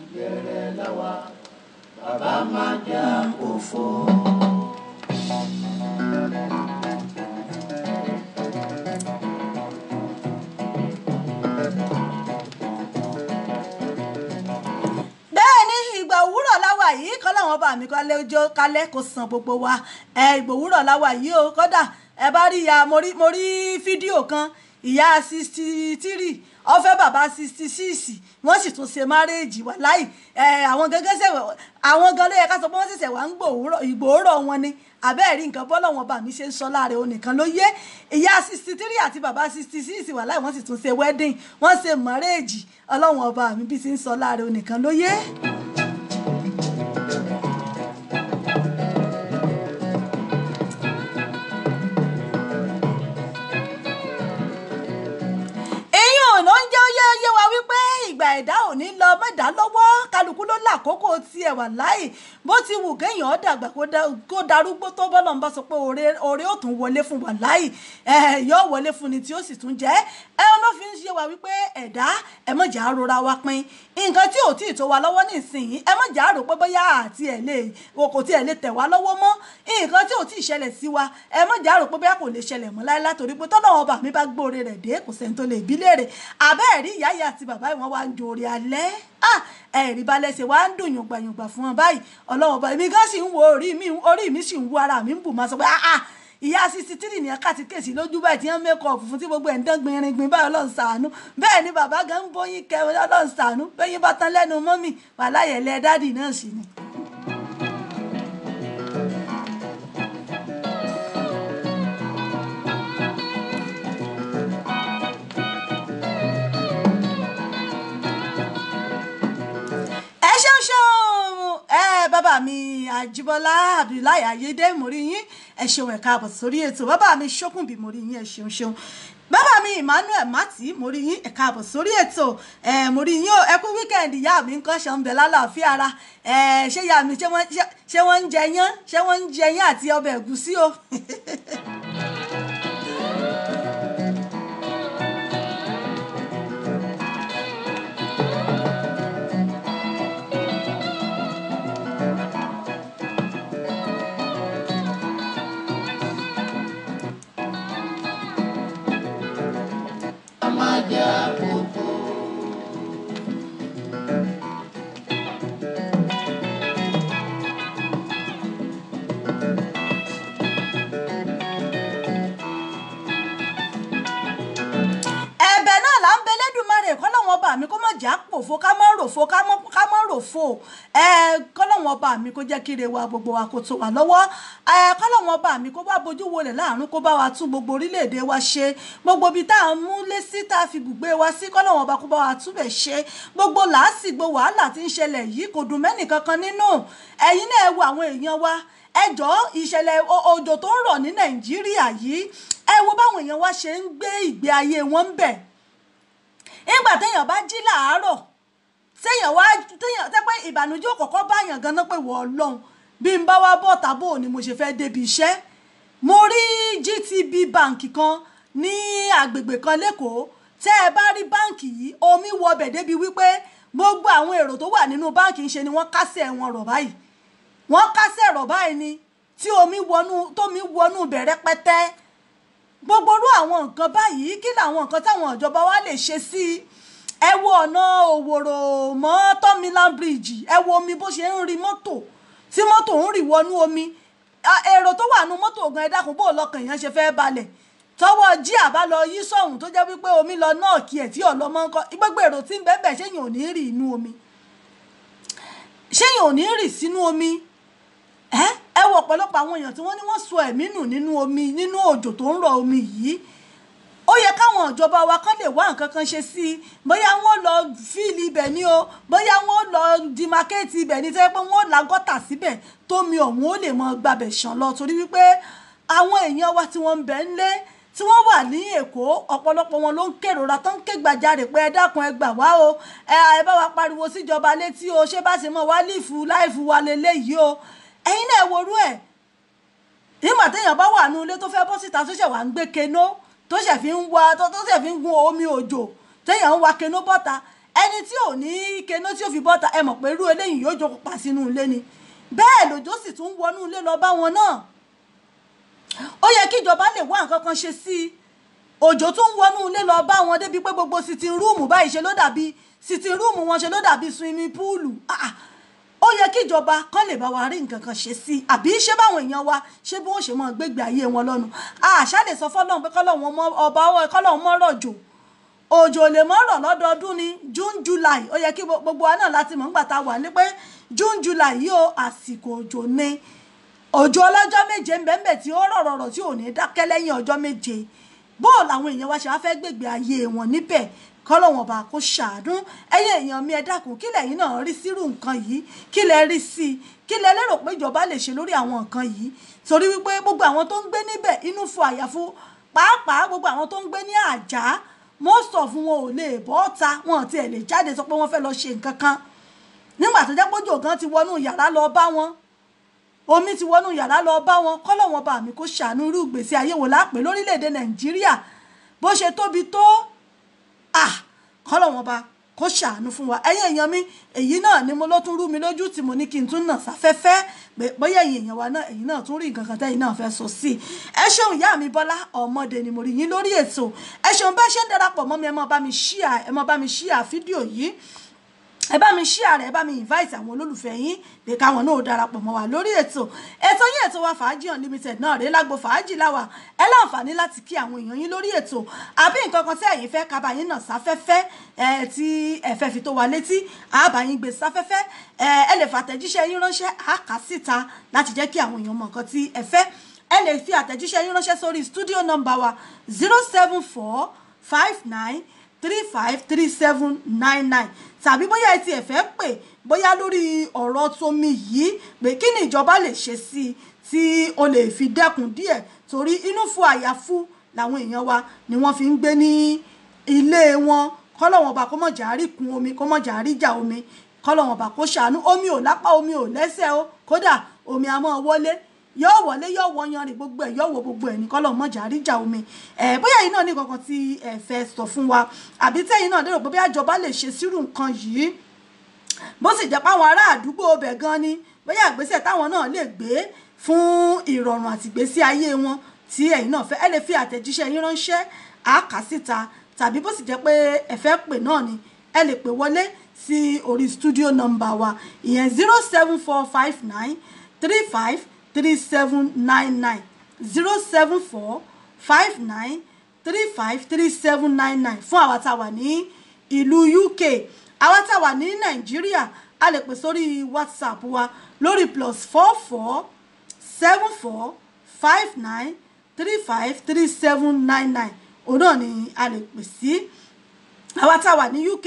ìbẹ̀rẹ̀ làwa bàbá máa jà òfò. yìí kọ́ làwọn bá mi kọ́lé ojó kálẹ̀ kó san gbogbo wa ẹ̀ ìgbòwúrọ̀ làwa yìí o ẹ bá rí ìyá mo rí fídíò kan ìyá sixty three ọfẹ bàbá sixty six wọ́n sì tún ṣe márèèjì wà láì àwọn gẹ́gẹ́ sẹwẹ àwọn gan ló yẹ ká sọ pé wọ́n ṣẹ̀ṣẹ̀ wà ń gbòòrò wọn ni àbẹ́ẹ̀rí nǹkan bọ́lọ̀ wọn bá mi ṣe ń sọ láre o nìkan ló yé ìyá sixty three àti bàbá sixty six wà láì wọ́n sì tún ṣe wedding wọ́n ṣe márèèjì ọlọ́wọ́n ọba mi bí ṣe ń sọ láre o nìkan ló yé. ló làkókò tiẹ̀ wà láì bó ti wù kéèyàn dàgbà kó darúgbó tó bọ́lọ̀ ń bá sọ pé oore ó tún wọlé fún wà láì yóò wọlé fún ni tí ó sì tún jẹ́ ẹ ọlọ́fin ṣe wà wípé ẹ̀dá ẹ má jà rora wa pin nǹkan tí ò tí ì tó wa lọ́wọ́ nísìnyí ẹ má jà rò pé bóyá àti ẹ̀ lè kò tí ẹ̀ lè tẹ̀ wá lọ́wọ́ mọ́ nǹkan tí ò tí ì ṣẹlẹ̀ sí wa ẹ má jà rò pé bóyá kò lè ṣẹlẹ̀ mọ́ láéláé torí pé tọ́lọ́ ọba mi bá gbóore rẹ̀ dé kò sẹ́ni tó lè bí léèrè àbẹ́ẹ̀rí ìyá ìyá àti bàbá ìwọ̀n wa ń jòrè alẹ́. Ah, ẹ̀rí balẹ̀ ṣe wá ń dùn yùngbàyùngbà fún wọn báyìí ọlọ́wọ́ bá èmi gan sì ń wo orí mi orí mi sì ń wo ara mi ń bù máa sọ pé ah, ah ìyá sixty three ní ẹ̀ka ti kèsì lójú báyìí tí wọ́n mẹ́kọ̀ fún tí gbogbo ẹ̀ ń dán gbinringbin báyìí ọlọ́run ṣàánú bẹ́ẹ̀ ni bàbá gan ń bóyin kẹ́ ọlọ́run ṣàánú bẹ́yìn bá tán lẹ́nu mọ́mì wàhálà yẹ̀lẹ́ náà sì ni. ẹ bàbá mi àjíbọ́lá abdullahi ayédè mo rí yín ẹ ṣeun ẹ káàbọ̀ sórí ètò bàbá mi ṣókùnbí mo rí yín ẹ ṣeun ṣeun bàbá mi emmanuel mati mo rí yín ẹ káàbọ̀ sórí ètò ẹ mo rí yín o ẹ kú wíkẹ́ndì ìyá mi nǹkan ṣe ń bẹ lálàáfíà ara ẹ ṣé ìyá mi ṣé wọ́n ń jẹ yán ṣé wọ́n ń jẹ yán àti ọbẹ̀ ẹ̀gúsí o. ọba mi kó má jà pòfo ká má ròfo ká má ròfo ẹ kọ́lọ́wọ́n ọba mi kó jẹ́ kíre wa gbogbo wa kó tó wà lọ́wọ́ ẹ kọ́lọ́wọ́n ọba mi kó bá bojú wọlé láàrún kó bá wa tún gbogbo orílẹ̀-èdè wa ṣe gbogbo ibi tá à ń mú lé sí tá a fi gbùgbé wa sí kọ́lọ́wọ́n ọba kó bá wa túbẹ̀ ṣe gbogbo làásìgbò wàhálà tí ń ṣẹlẹ̀ yìí kò dùn mẹ́nì kankan nínú ẹ̀yin náà ẹ wo àwọn èèyàn wa ẹjọ́ ìṣẹ̀lẹ̀ òjò tó ń rọ̀ ní Nàìjíríà yìí ẹ wo báwọn èèyàn wa ṣe ń gbé ìgbé ayé wọn ń bẹ̀ nígbà téèyàn bá jí làárọ̀ téèyàn wá téèyàn tẹ́pẹ́ ìbànújẹ́ òkọ̀kọ́ báyàn ganan pé wọ́n ọlọ́run bí n bá wá bọ̀ tàbó ni mo ṣe fẹ́ débi iṣẹ́ mo rí GTB bank kan ní agbègbè kan lẹ́kọ̀ọ́ tẹ́ ẹ bá rí báǹkì yìí omi wọbẹ̀ débi wípé gbogbo àwọn èrò tó wà nínú báǹkì ń ṣe ni wọ́n kásẹ̀ wọn rọ̀ báyìí wọ́n kásẹ̀ rọ̀ báyìí ni tí omi wọnú tómi wọnú bẹ̀rẹ̀ pẹ́tẹ́ gbogbo irú àwọn nǹkan báyìí kí làwọn nǹkan táwọn ìjọba wa lè ṣe sí i ẹ wo ọ̀nà òwòrò mọ́ tọ́mílán bíríìjì ẹ wo omi bó ṣe ń rí mọ́tò tí mọ́tò ń rì wọnú omi èrò tó wà nú mọ́tò gan ẹ dákun bó lọkàn èèyàn ṣe fẹ́ balẹ̀ tọwọ́ jí àbá lọ yí sọ̀hún tó jẹ́ wípé omi lọ náà kí ẹ̀ tí ọ̀lọ́mọ ń kọ́ gbogbo èrò tí ń bẹ́ẹ̀ ṣéyìn ò ní rì inú omi ṣéyìn ò ní rì sínú omi ẹ́ eh? ẹ wo ọ̀pọ̀lọpọ̀ àwọn èèyàn tí wọ́n ní wọ́n sọ ẹ̀mí nù nínú omi nínú òjò tó ń rọ omi yìí ó yẹ káwọn ìjọba wa kán lè wá nǹkan kan ṣe sí i bóyá wọ́n lọ fíìlì ibẹ̀ ni o bóyá wọ́n lọ dìmákẹ́ẹ̀tì ibẹ̀ ni tẹ́lẹ̀ pé wọ́n la gọ́tà síbẹ̀ tómi ọ̀hún ó lè mọ gbàbẹ̀ ṣàn lọ torí wípé àwọn èèyàn wa tí wọ́n ń bẹ ńlé tí wọ́n wà ní èkó ọ̀pọ̀lọpọ̀ wọn ló ń kérora tó ń ké gbàjarè pé ẹ dákun ẹ gbà wá o ẹ bá wa pariwo síjọba létí o ṣé bá ṣe mọ wá lífù láìfù wa lélẹ́yìí o ẹ̀yin náà worú ẹ̀ nígbà téèyàn bá wà nínú ilé tó fẹ́ bọ́ síta tó ṣẹ̀ wà ń gbé kenó tó ṣẹ̀ fi ń wa tó ṣẹ̀ fi ń gun omi òjò téèyàn ń wa kenó bọ́ta ẹni tí ò ní kenó tí ó fi bọ́ta ẹ mọ̀ pé irú eléyìí yóò jókòó pa sínú ilé ni bẹ́ẹ̀ lòjó sì tún wọnú ilé lọ bá wọn náà ó yẹ kí ìjọba lè wá nǹkan kan ṣe sí i òjò tún wọnú ilé lọ bá wọn débi pé gbogbo sitin rúùmù báyìí ṣe ló dàbí sitin rúùmù wọn ṣe ló dàbí swimming pool ah, ah ó yẹ kí ìjọba kán lè bá wa rí nǹkan kan ṣe sí i àbí ṣé báwọn èèyàn wa ṣé bí wọ́n ṣe máa gbégbé ayé wọn lọ́nu àṣà lè sọ fọlọ́run pé kọ́lọ́run ọba kọ́lọ́run mọ́rọ̀ jò òjò lè mọ́rọ̀ lọ́dọọdún ní June July ó yẹ kí gbogbo wa náà láti mọ̀ nígbà tá wà ní pé June July yìí o àsìkò òjò ni òjò ọlọ́jọ́ méje ń bẹ́ẹ̀ tí ó rọ̀ rọ̀rọ̀ tí ò ní dákẹ́ lẹ́yìn ọjọ́ méje bóò làwọn èèyàn wa ṣe wá fẹ́ gbègbè ayé wọn níbẹ̀ kọ́lọ́wọ́n ọba kó ṣàánú ẹ̀yin èèyàn mi ẹ dákun kí lẹ̀yin náà rí sírú nǹkan yìí kí lẹ rí sí i kí lẹ lérò pé ìjọba lè ṣe lórí àwọn nǹkan yìí torí wípé gbogbo àwọn tó ń gbé níbẹ̀ inú fún àyàfu pàápàá gbogbo àwọn tó ń gbé ní àjà most of wọn ò lè bọ́ ta wọn àti ẹ̀ lè jáde sọ pé wọ́n fẹ́ lọ ṣe nǹkan kan nígbà tó jẹ́ pójò gan ti wọnú yàrá lọ bá wọn omi ti wọnú yàrá lọ bá wọn kọ́lọ́wọ́n bá mi kó ṣàánú irú ìgbésí ayé wò lápè lórílẹ̀‐èdè nàìjíríà bó ṣe tóbi tó ah kọ́lọ́wọ́n ba kó ṣàánú fún wa ẹ̀yin èèyàn mi èyí náà ni mo ló tún rú mi lójú tí mo ní kí n tún nà sáfẹ́fẹ́ pé bóyá ẹ̀yin èèyàn wa náà ẹ̀yin náà tún rí nǹkan kan tẹ́yìn náà fẹ́ sọ sí i ẹ ṣeun ìyá mi bọ́lá ọmọdé ni mo rí yín lórí ètò ẹ ṣeun bẹ́ẹ̀ ṣe ń darapọ̀ mọ́ mi ẹ máa bá mi ṣíà ẹ máa bá mi ṣíà fídíò yìí ẹ bá mi share ẹ bá mi invite àwọn olólùfẹ́ yín pé káwọn náà darapọ̀ mọ́ wa lórí ètò ètò yín ètò wa fàájì unlimited náà rèé lágbo fàájì láwa ẹ láǹfààní láti kí àwọn èèyàn yín lórí ètò àbí nǹkan kan tí ẹ̀yin fẹ́ kábà yín náà sáfẹ́fẹ́ ẹ tí ẹ fi tó wa létí àbá yín gbé sáfẹ́fẹ́ ẹ lè fàtẹ̀jíṣẹ́ yín ránṣẹ́ àkà síta láti jẹ́ kí àwọn èèyàn mọ nǹkan tí ẹ fẹ́ ẹ lè fi àtẹ̀jíṣẹ́ yín ránṣẹ́ sórí studio number wa zero seven four five nine three five three seven nine nine tàbí bóyá ẹ tiẹ̀ fẹ́ pè bóyá lórí ọ̀rọ̀ tómi yìí pé kí ni ìjọba lè ṣe sí i tí o lè fi dẹ́kun díẹ̀ torí inú fún àyàfú làwọn èèyàn wa ni wọ́n fi ń gbé ní ilé wọn kọ́lọ́wọ́n ọba kó mọ̀ jàrí kun omi kó mọ̀ jàrí jà omi kọ́lọ́wọ́n ọba kó ṣàánú omi ò lápá omi ò lẹ́sẹ̀ o kódà omi a wọlé yóò wọlé yóò wọ yanrìn gbogbo ẹ̀ yóò wọ gbogbo ẹ̀ nìkan lọ́ọ́ mọ̀jà àríjà omi ẹ̀ eh, bóyá yìí náà ní kankan tí eh, ẹ fẹ́ sọ fún wa àbí tẹ́yìn náà lérò pé bí àjọba lè ṣe sírù nǹkan yìí bó sì jẹ́ páwọn ará àdúgbò ọbẹ̀ gan ni bóyá ìgbésẹ̀ táwọn náà lè gbé fún ìrọ̀rùn àtìgbésí ayé wọn tí ẹ̀yin náà fẹ́ ẹ lè fi àtẹ̀jíṣẹ́ yín ránṣẹ́ àáká síta tàbí bó sì jẹ́ pé ẹ fẹ́ pè náà ni ẹ lè pè wọlé sí orí studio number wa ìyẹn zero seven four five nine three five three seven nine nine zero seven four five nine three five three seven nine nine fún àwa tá a wà ní ìlú UK àwa tá a wà ní Nàìjíríà a lè pè sórí WhatsApp wa lórí plus four four seven four five nine three five three seven nine nine òun náà ni a lè pè sí àwa tá a wà ní UK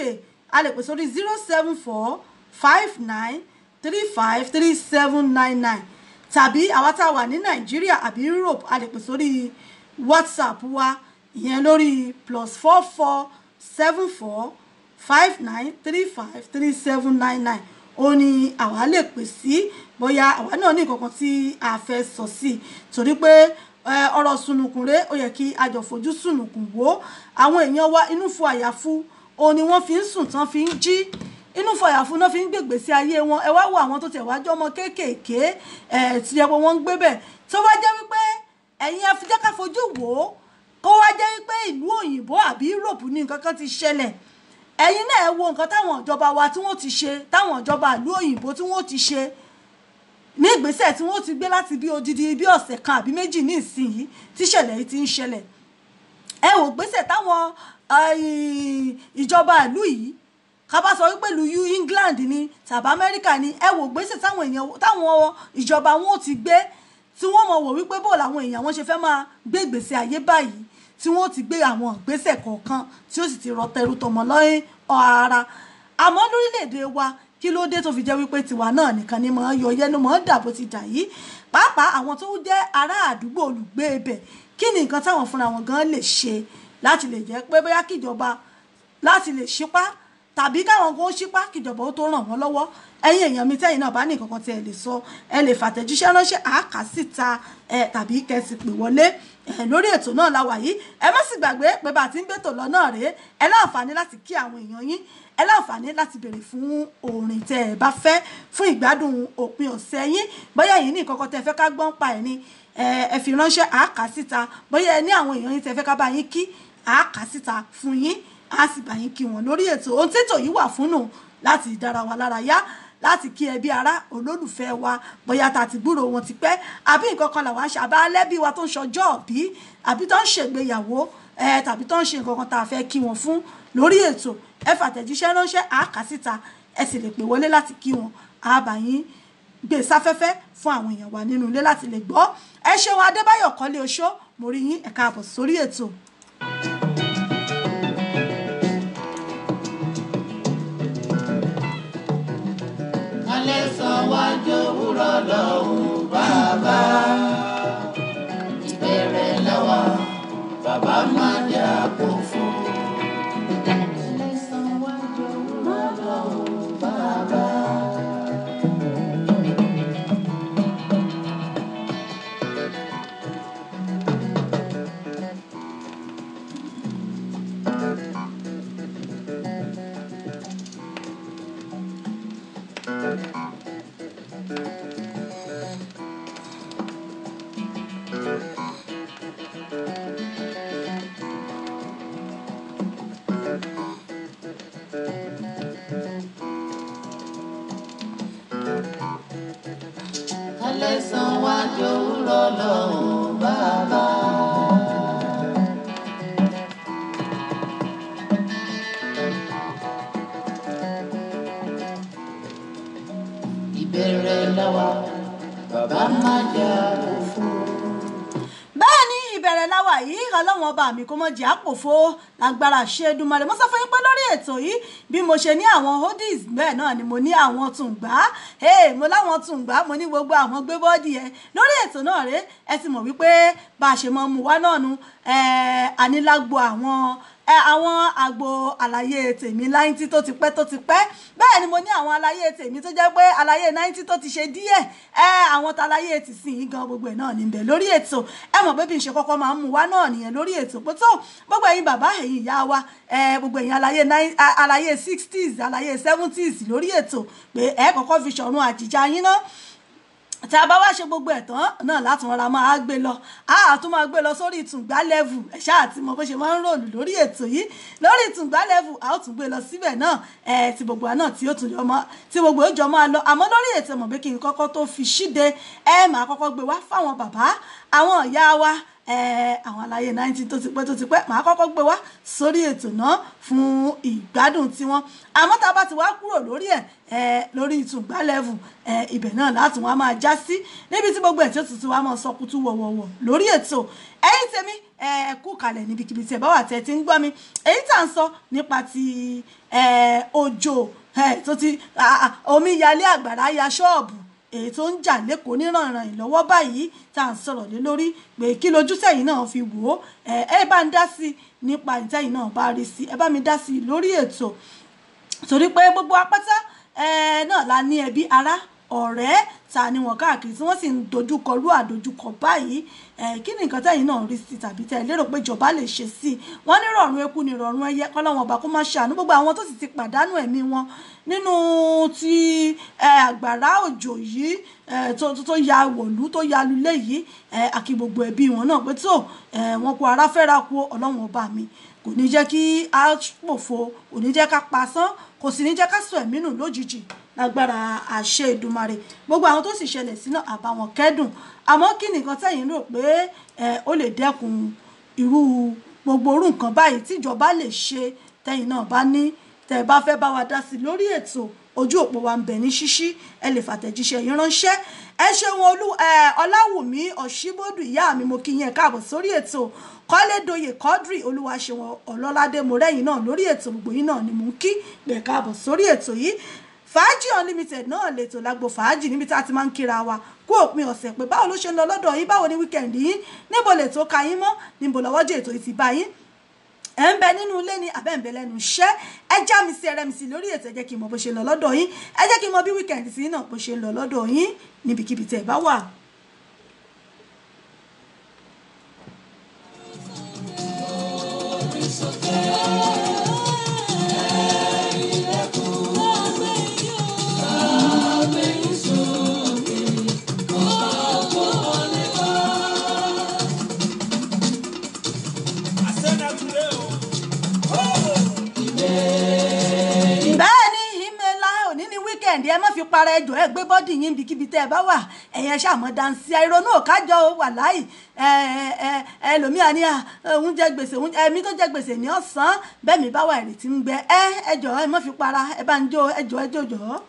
a lè pè sórí zero seven four five nine three five three seven nine nine tàbí àwa tá a wà ní nàìjíríà àbí europe a lè pè sórí whatsapp wa ìyẹn lórí plus four four seven four five nine three five three seven nine nine ó ní àwa lè pè sí bóyá àwa náà ní nǹkan tí a fẹ́ sọ sí torí pé ọ̀rọ̀ sùnùkùn rèé ó yẹ kí a jọ fojú àwọn èèyàn wa inú fu àyàfu òun ni wọ́n fi ń sùn tán fi ń jí inú fọyàfun náà fi ń gbègbèsè ayé wọn ẹ wá wo àwọn tó tẹ̀ wájú ọmọ kéékèèké ẹ̀ tí ẹ wo wọn ń gbé bẹ̀ tó bá jẹ́ wípé ẹ̀yin ẹ fi jẹ́ ká fojú wò ó kó wá jẹ́ wípé ìlú òyìnbó àbí Europe ní nǹkan kan ti ṣẹlẹ̀ ẹ̀yin náà ẹ wo nǹkan táwọn ìjọba wa tí wọ́n ti ṣe táwọn ìjọba ìlú òyìnbó tí wọ́n ti ṣe ní ìgbésẹ̀ tí wọ́n ti gbé láti bí odidi bí ọ̀sẹ̀ kan àbí méjì ní ìsinyìí tíṣẹ̀lẹ̀ yìí ti ń ṣẹlẹ̀ ẹ wò yìí ká bá sọ wípé ìlú England ni tàbí Amẹ́ríkà ni ẹ wò gbèsè táwọn èèyàn táwọn ìjọba wọn ò ti gbé tí wọ́n mọ̀ wò wípé bó làwọn èèyàn wọn ṣe fẹ́ máa gbé ìgbésí ayé báyìí tí wọ́n ti gbé àwọn ìgbésẹ̀ kọ̀ọ̀kan tí ó sì ti rọ tẹrù tọmọ lọ́yìn ara àmọ́ lórílẹ̀‐èdè wa kí ló dé tó fi jẹ́ wípé tiwa náà nìkan ni mọ̀ ń yọ yẹnu mọ̀ ń dà bó ti dà yìí pàápàá àwọn tó jẹ́ ará àdúgbò olùgbé ibẹ̀ kí ni nǹkan táwọn fúnra wọn gan lè ṣe láti lè jẹ́ pé bóyá kíjọba láti lè ṣípá tàbí káwọn kan ó ṣípá kìjọba ó tó ràn wọ́n lọ́wọ́ ẹ̀yin èèyàn mi tẹ́yìn náà bá ní kankan tí ẹ lè sọ ẹ lè fàtẹ̀jíṣẹ́ ránṣẹ́ àáká síta ẹ tàbí kẹsì pè wọlé ẹ lórí ètò náà la wà yìí ẹ má sì gbàgbé pé bá a ti ń gbètò lọ náà rèé ẹ láǹfààní láti kí àwọn èèyàn yín ẹ láǹfààní láti béèrè fún orin tẹ́ ẹ bá fẹ́ fún ìgbádùn òpin ọ̀sẹ̀ yín bóyá yìí ní kankan tẹ́ fẹ́ ká gbọ́n pa ẹ̀ ni ẹ fi ránṣẹ́ àáká síta bóyá ẹ ní àwọn èèyàn yín tẹ́ fẹ́ ká bá yín kí àáká síta fún yín a sì bá yín kí wọn lórí ètò ohun tètò yìí wà fún nù láti dára wa lára yá láti kí ẹbí ara olólùfẹ́ wa bóyá tá a ti gbúrò wọn ti pẹ́ àbí nǹkan kan làwọn àṣà bá lẹ́bí wa tó ń ṣọjọ́ òbí àbí tó ń ṣègbéyàwó tàbí tó ń ṣe nǹkan kan tá a fẹ́ kí wọn fún lórí ètò ẹ fàtẹ̀jíṣẹ́ ránṣẹ́ àáká síta ẹ sì lè pè wọlé láti kí wọn àbàyín gbé sáfẹ́fẹ́ fún àwọn èèyàn wa nínú ilé láti lè gbọ́ ẹ ṣeun adébáyọ̀ kọ́lé oṣó mo rí yín ẹ̀ka àbọ̀ sórí ètò. wajahura lahu ẹlẹ́sàn wá jòwú lọ́lọ́run bàbá. ìbẹ̀rẹ̀ làwa bàbá má jà òfò. bẹ́ẹ̀ ni ìbẹ̀rẹ̀ làwa yìí ọlọ́run ọba mi kò mọ̀ jẹ́ àpòfo lágbára ṣe é dùmarè mọ́sáfẹ́ ètò yìí bí mo ṣe ní àwọn oldies bẹ́ẹ̀ náà ni mo ní àwọn tùǹgbá mo láwọn tùǹgbá mo ní gbogbo àwọn gbé bọ́ọ̀dì ẹ lórí ètò náà rèé ẹ ti mọ̀ wípé bá a ṣe mọ mu wá náà nu ànílágbo àwọn àwọn àgbo àlàyé tèmi láyìntì tó ti pẹ́ tó ti pẹ́ bẹ́ẹ̀ ni mo ní àwọn àlàyé tèmi tó jẹ́ pé àlàyé náyìntì tó ti ṣe díẹ̀ àwọn tàlàyé ti sìn yín gan gbogbo ẹ̀ náà ní bẹ̀ lórí ètò ẹ mọ̀ bébí ìṣe kọ́kọ́ máa ń mú wá náà nìyẹn lórí ètò pé tó gbogbo ẹ̀yin bàbá ẹ̀yin ìyá wa gbogbo ẹ̀yin àlàyé àlàyé sixties àlàyé seventies lórí ètò pé ẹ̀ kọ́kọ́ fi ṣọ̀run àjìjà yín náà tí a bá wá ṣe gbogbo ẹ̀ tán náà láti rọra máa gbé lọ a tún máa gbé lọ sórí ìtùngbà lẹ́vù ẹ̀ ṣáà tí mo bó ṣe máa ń ròlù lórí ètò yìí lórí ìtùngbà lẹ́vù a ó tún gbé lọ síbẹ̀ náà ẹ̀ tí gbogbo àná tí ó tún jọ mọ́ tí gbogbo ó jọ máa lọ àmọ́ lórí ètò mọ̀ pé kí n kọ́kọ́ tó fi ṣíde ẹ máa kọ́kọ́ gbé wá fáwọn bàbá àwọn ìyá wa àwọn aláyé 90 tó ti pẹ́ tó ti pẹ́ màá kọ́kọ́ gbé wá sórí ètò náà fún ìgbádùn tiwọn àmọ́ tá a bá ti wá kúrò lórí ẹ̀ lórí ìtùgbà level ibẹ̀ náà láti wọn a máa já sí níbi tí gbogbo ẹ̀ tí ó tuntun wa máa sọ kútú wọ̀wọ̀wọ̀ lórí ètò ẹ̀yìn tèmi ẹ kú kalẹ̀ níbikíbi tí ẹ bá wà tẹ́ ti ń gbọ́ mi èyí tá ń sọ nípa ti òjò tó ti omi yalé àgbàrá ya ṣọ́ọ̀bù èyí tó ń jà lẹ́kọ̀ọ́ níranran ìlọ́wọ́ báyìí tá à ń sọ̀rọ̀ lé lórí pé kí lójúṣẹ́ yìí náà fi wò ó ẹ bá ń dá sí i nípa ìtẹ́yìn náà bá rí sí ẹ bá mi dá sí i lórí ètò torí pé gbogbo apáta náà la ní ẹbí ará ọ̀rẹ́ ta ni wọn káàkiri tí wọ́n sì ń dojúkọ lú àdojúkọ báyìí kí ni nǹkan tẹ́yìn náà rí sí tàbí tẹ́ ẹ lérò pé ìjọba lè ṣe sí i wọ́n ní rọ̀rùn eku ni rọ̀rùn ẹyẹ kọ́lọ́wọ́n ọba kó má ṣàánú gbogbo àwọn tó sì ti pàdánù ẹ̀mí wọn nínú ti àgbàrá òjò yìí tó ya wọ̀lú tó ya lulẹ̀ yìí àkí gbogbo ẹbí wọn náà pé tó wọn kó ara fẹ́ra kú ọlọ́run ọba mi kò ní jẹ́ kí a pòfo kò ní jẹ́ ká pasán kò sì ní jẹ́ ká sọ ẹ̀mí nù lójijì lágbára àṣẹ Èdùmàrè gbogbo àwọn tó sì ṣẹlẹ̀ sí náà àbáwọn kẹ́dùn àmọ́ kí nìkan tẹ̀yìn rò pé ó lè dẹ́kun irú gbogbo orú nǹkan báyìí tíjọba lè ṣe tẹ̀yìn náà bá ní tẹ́ ẹ bá fẹ́ bá wa dá sí lórí ètò ojú òpó wa ń bẹ ní ṣíṣí ẹ lè fàtẹ̀jíṣẹ́ yín ránṣẹ́ ẹ ṣeun olú ẹ ọláwùmí ọ̀ṣíbódù ìyá mi mo kí yín káàbọ̀ sórí ètò kọ́lédoyè kọ́dìrì olúwa ṣeun ọlọ́ládé mo rẹ́yìn náà lórí ètò gbogbo yín náà ni mo ń kí lè káàbọ̀ sórí ètò yìí fàájì unlimited náà lètò lágbo fàájì níbi tá a ti máa ń kíra wa kú òpin ọ̀sẹ̀ pé báwo ló ṣe ń lọ lọ́dọ̀ yín báwo ni wíkẹ̀ndì yín níbo lè tó ka yín mọ́ níbo lọ́wọ́jọ́ ètò ìtìbá yín ẹ ń bẹ nínú ilé ni àbẹ́ ń bẹ lẹ́nu iṣẹ́ ẹ já mi sí ẹrẹ́ mi sí lórí ètò ẹ jẹ́ kí n mọ bó ṣe lọ lọ́dọ̀ yín ẹ jẹ́ kí n mọ bí wíkẹ̀ndì sí náà bó ṣe lọ lọ́dọ̀ yín níbikíbi tẹ́ ẹ bá wà. It's wíkẹ́ndì ẹ má fi para ẹjọ́ ẹ gbé bọ́dì yín bíkíbi tẹ́ ẹ bá wà ẹ̀yẹn ṣàmọ́ dansi àìrònú òkájọ wà láì ẹlòmíà ní òun jẹ gbèsè ẹ̀mí tó jẹ gbèsè ní ọ̀sán bẹ́ẹ̀ mi bá wà ìrètí ń gbẹ ẹ ẹjọ́ ẹ má fi para ẹ bá ń jó ẹjọ́ ẹjọ́ jọ́.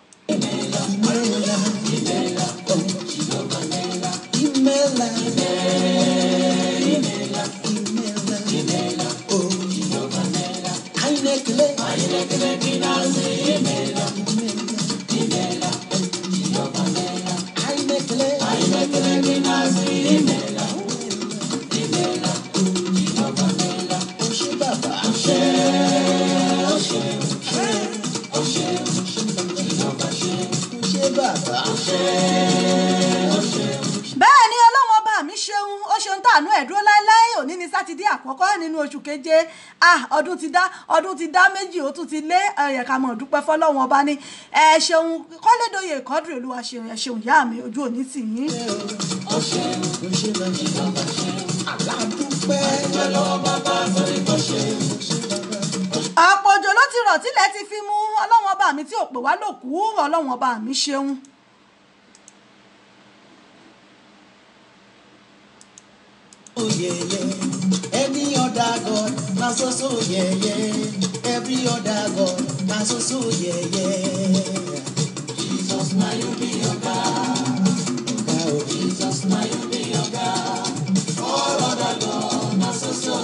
Imela, Imela, oh, Kinazi, Imela, Imela. bẹ́ẹ̀ ni ọlọ́wọ́n bá mi ṣeun ó ṣeun tàánú ẹ̀ dúró láì sátidé àkọ́kọ́ nínú oṣù keje ah, ọdún ti dá ọdún ti dá méjì ó tún ti lé ẹ̀yẹ̀ mọ̀ dúpẹ́ fọlọ́wọ́n ọba ní ẹ ṣeun ìkọ́dùn ìlú wa ṣeun ẹ mi ojú òní tì yín. àpọ̀jọ ló ti rọ̀ tílẹ̀ ti fi mú ọlọ́wọ́n ọba mi tí ò pè wá lòkú ọlọ́wọ́n ọba mi ṣeun. Oh yeah, yeah. every other god my so so yeah. every other god my so so yeah. Jesus you Jesus na you be All other god so so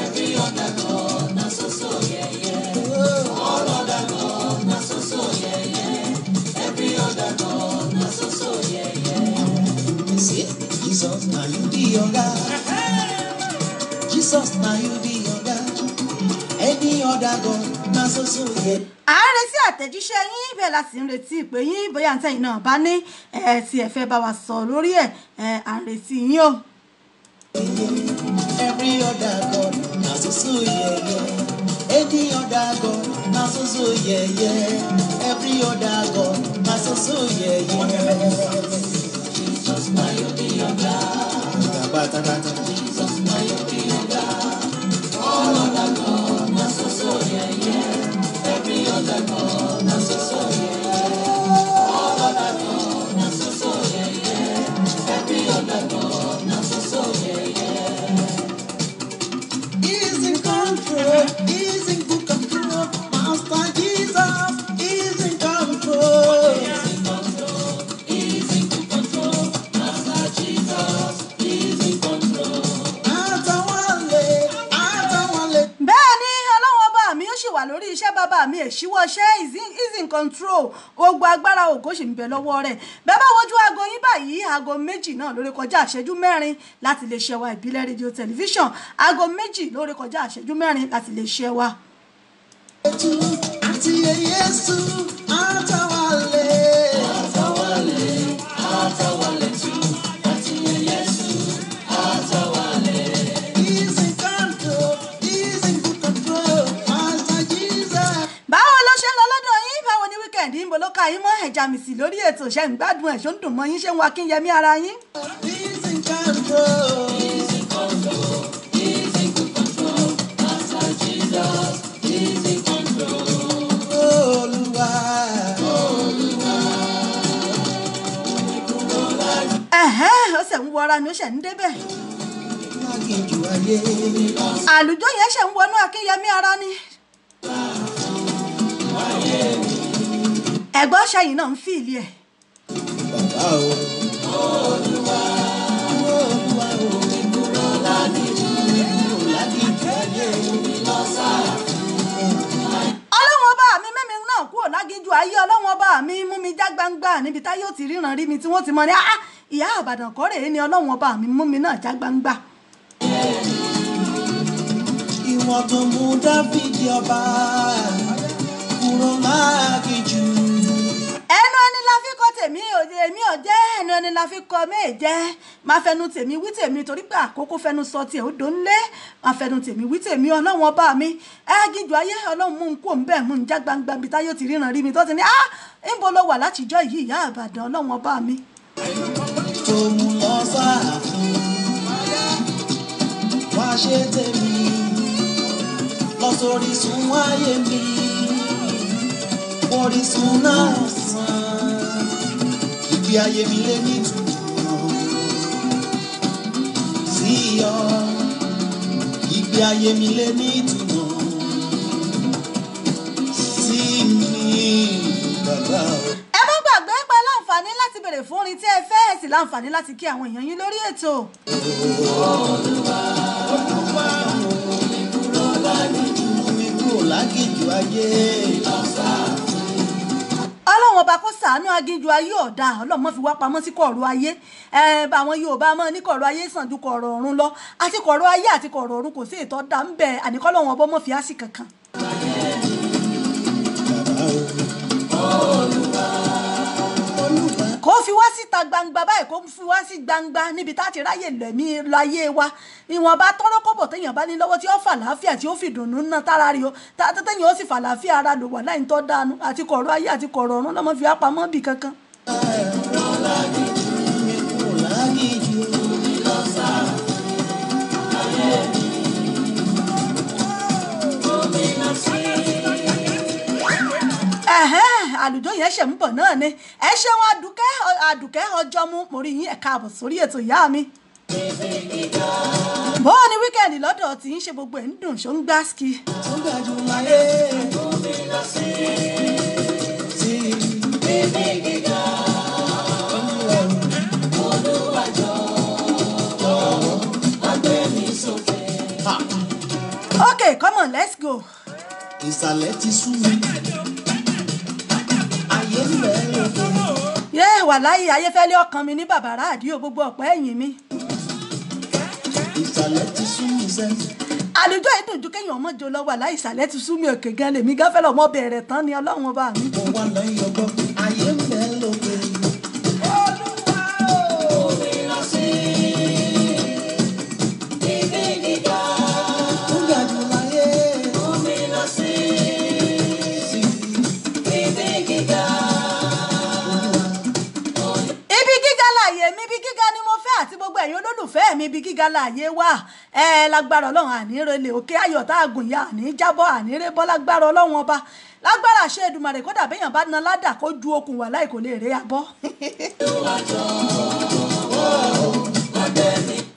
Every other god so so All other god so so Every other god so so See, Jesus na you be Jesus na you be your God any other God na so so yẹ. à ń retí àtẹ̀jíṣẹ́ yín bẹ́ẹ̀ la sì ń retí ìpè yín bóyá ń tẹ̀yìn náà bá ní ẹ̀ tí ẹ fẹ́ bá wa sọ lórí ẹ̀ ẹ̀ à ń retí yín o. every other God na so so yẹ yẹ any other God na so so yẹ yẹ every other God na so so yẹ yẹ. Jesus na you be your God. mi èṣíwọ́ iṣẹ́ is in control gbogbo agbára ògo sì ń bẹ lọ́wọ́ rẹ̀ bẹ́ẹ̀ bá wojú aago yín báyìí aago méjì náà lórí kọjá àṣẹjú mẹ́rin láti lè ṣe wa ìbílẹ̀ rédíò tẹlifíṣàn aago méjì lórí kọjá àṣẹjú mẹ́rin láti lè ṣe wa. àti Jésù àtàwọn. yín mọ́ ẹ̀jàmìsì lórí ètò ṣe ń gbádùn ẹ̀ṣọ́ ń dùn mọ́ yín ṣé ń wa kí n yẹmí ara yín. ẹ̀hẹ́n ó ṣẹ̀ ń wọra ni ó ṣẹ̀ ń débẹ̀ àlùjọ yẹn ṣẹ̀ ń wọnú akínyẹmí ara ni. ẹ̀gbọ́n ṣẹ́yìn náà ń fi ìlí ẹ̀. bàbá o. olúwa olúwa o ìdúró láti ìdúró láti tẹ̀lé omi lọ́sàá. ọlọ́wọ́n bá mi mẹ́mi náà kúrò lágíjú ayé ọlọ́wọ́n bá mi mú mi já gbangba níbi táyé ò ti ríran rí mi tí wọ́n ti mọ ní ìyá àbàdàn kọ́rẹ̀ ni ọlọ́wọ́n bá mi mú mi náà já gbangba ìwọ̀n tó mú dáfídì ọba kúrò máa ẹnu ẹni la fi kọ́ tèmi èmi ò jẹ́ ẹnu ẹni la fi kọ́ mí jẹ́ máa fẹnu tèmi wí tèmi torí pé àkókò fẹnu sọ tiẹ̀ ó dónlé máa fẹnu tèmi wí tèmi ọlọ́run ọba mi ẹ gíjù ayé ọlọ́run mú un kú òun bẹ́ẹ̀ mú un já gbangba ibi táyọ̀ ti ríran rí mi tó ti ní ah ń bo ló wà látijọ́ yìí ìyá àbàdàn ọlọ́run ọba mi. òun lọ sáà fún wá ṣe tèmi lọ sórí sun ayé mi por insunas ibi ayé mi lé ní tuntun sí ọ ibi ayé mi lé ní tuntun sí mi bàbá o. ẹ má tí ẹ fẹ́ ẹ sì láǹfààní láti kí àwọn èèyàn yín lórí ètò. Olúwa Olúwa mi kúrò lágìjú ayé. ìlọsàn ọlọ́run ọba kó sàánú aginjù ayé ọ̀dà ọlọ́run mọ́ fi wá pamọ́ sí kọ̀ọ̀rọ̀ ayé ẹ̀ẹ́bà àwọn yorùbá mọ́ ní kọ̀ọ̀rọ̀ ayé sàn ju kọ̀ọ̀rọ̀ ọ̀run lọ àti kọ̀ọ̀rọ̀ ayé àti kọ̀ọ̀rọ̀ ọ̀run kò sí ètò ọ̀dà ń bẹ àníkọ́ ọlọ́run ọba mọ́ fi á sí kankan ó fi wá síta gbangba báyìí kó fi wá sí gbangba níbi tá a ti ráyè lẹ̀mí láyé wa ìwọ̀nba tọ́rọ́ kọ́bọ̀ téèyàn bá ní lọ́wọ́ tí ó fà láàfíà tí ó fi dùnnú ná tára rí o téèyàn ó sì fà láàfíà ara lò wà láì tọ́ dáanu àti kọ̀ọ̀rọ̀ ayé àti kọ̀ọ̀rọ̀ ọ̀run lọ́mọ fi wá pamọ́ bì kankan. ọ̀rọ̀ ọ̀la ni àlùjọ yẹn ṣẹ̀ ń bọ̀ náà ni ẹ ṣeun àdùkẹ́ àdùkẹ́ ọjọ́ mú mo yín ẹ káàbọ̀ sórí ètò ìyá mi. bó o ní lọ́dọ̀ tí ń ṣe gbogbo ẹ̀ ń dùn ṣó ń gbá ski. ok come on let's go. ìsàlẹ̀ ti sú mi. wà láyé ayéfẹ́lẹ́ ọkàn mi ní bàbá ráàdíò gbogbo ọ̀pọ̀ ẹ̀yìn mi. ìsàlẹ̀ ti sún mi sẹ́yìn. àlùjọ yìí dùn ju kéèyàn ọmọ jò lọ wà láyé ti sún òkè gan lèmi gáfẹ́ lọ́mọ bẹ̀rẹ̀ tán ni ọlọ́run ọba mi. olólùfẹ́ mi ibi gíga láàyè wà ẹ lágbára ọlọ́run ànírelè òkè ayọ̀ tá a gùn ya àní jábọ́ ànírébọ́ lágbára ọlọ́run ọba lágbára àṣẹ Èdùmàrè kódà béèyàn bá na ládà kó ju okùn wà láì kò lè rè abọ́.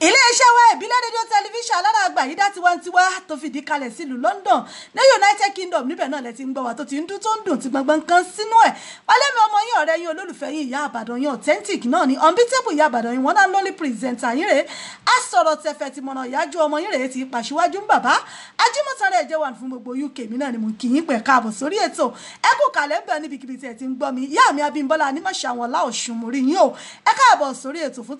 iléeṣẹ́ wa ìbílẹ̀ rédíò tẹlifíṣàn alárààgbà yìí dá tiwantiwa tó fìdí kalẹ̀ sílùú London ní United Kingdom níbẹ̀ náà lẹ ti ń gbọ́ wa tó ti ń dún tó ń dùn tí gbọ̀ngbọ̀n kan sínú ẹ̀ wálẹ́mi ọmọ yín ọ̀rẹ́ yín olólùfẹ́ yín ìyá àbàdàn yín authentic náà ni unbeatable ìyá àbàdàn yín wọn náà lórí pírẹsẹ̀ntà yín rèé á sọ̀rọ̀ tẹ̀fẹ̀ tí mọ̀nà ìyájú ọmọ yín rèé ti pàṣíwájú ń bàbá ajímọ̀tàn rẹ̀ jẹ́ wà fún gbogbo UK mi náà ni mo kì í pẹ̀ káàbọ̀ sórí ètò ẹ kú kalẹ̀ ń bẹ̀ níbikíbi tí ẹ ti ń gbọ́ mi ìyá mi Abímbọ́lá anímọ̀ṣà wọn láòṣùn mórí yín o ẹ káàbọ̀ sórí ètò fún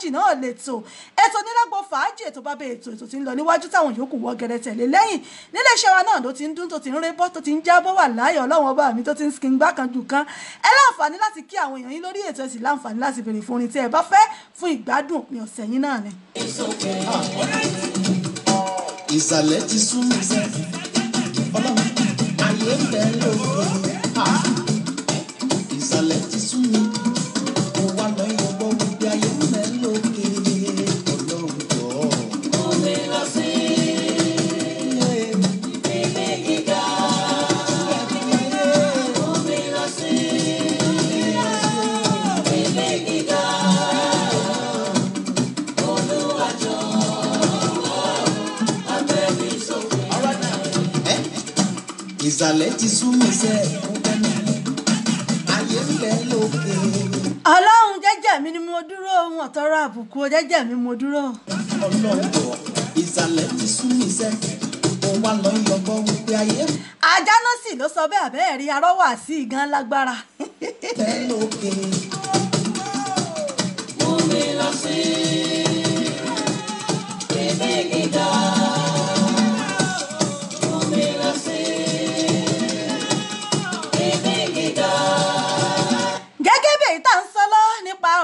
fàájì náà lẹ́tọ̀ ètò nílágbó fàájì ètò bábẹ́ ètò ètò tí ń lọ níwájú táwọn yòókù wọ́ gẹ́rẹ́ tẹ̀lé lẹ́yìn nílé iṣẹ́ wa náà ló ti ń dún tó ti ń ré bọ́ tó ti ń jábọ́ wà láyọ̀ ọlọ́wọ́n bá mi tó ti ń skin gbá kan jù kan ẹ láǹfààní láti kí àwọn èèyàn yín lórí ètò ẹ̀sìn láǹfààní láti béèrè fún orin tí ẹ bá fẹ́ fún ìgbádùn òpin ọ̀sẹ̀ yín náà ni. ìsàlẹ̀ ti sún mi ọlọ́run ìsàlẹ̀ ti mi sẹ́ ayé ń ọlọ́run jẹ́jẹ́ mi ni mo dúró wọn tọrọ àbùkù jẹ́jẹ́ mi mo dúró. ọlọ́run ti sún mi sẹ́ mo wá lọ yọgbọ́ wípé ayé. ajánà sì ló sọ bẹ́ẹ̀ bẹ́ẹ̀ rí arọ́wà sí i gan lágbára. mú mi lọ sí ibi gíga.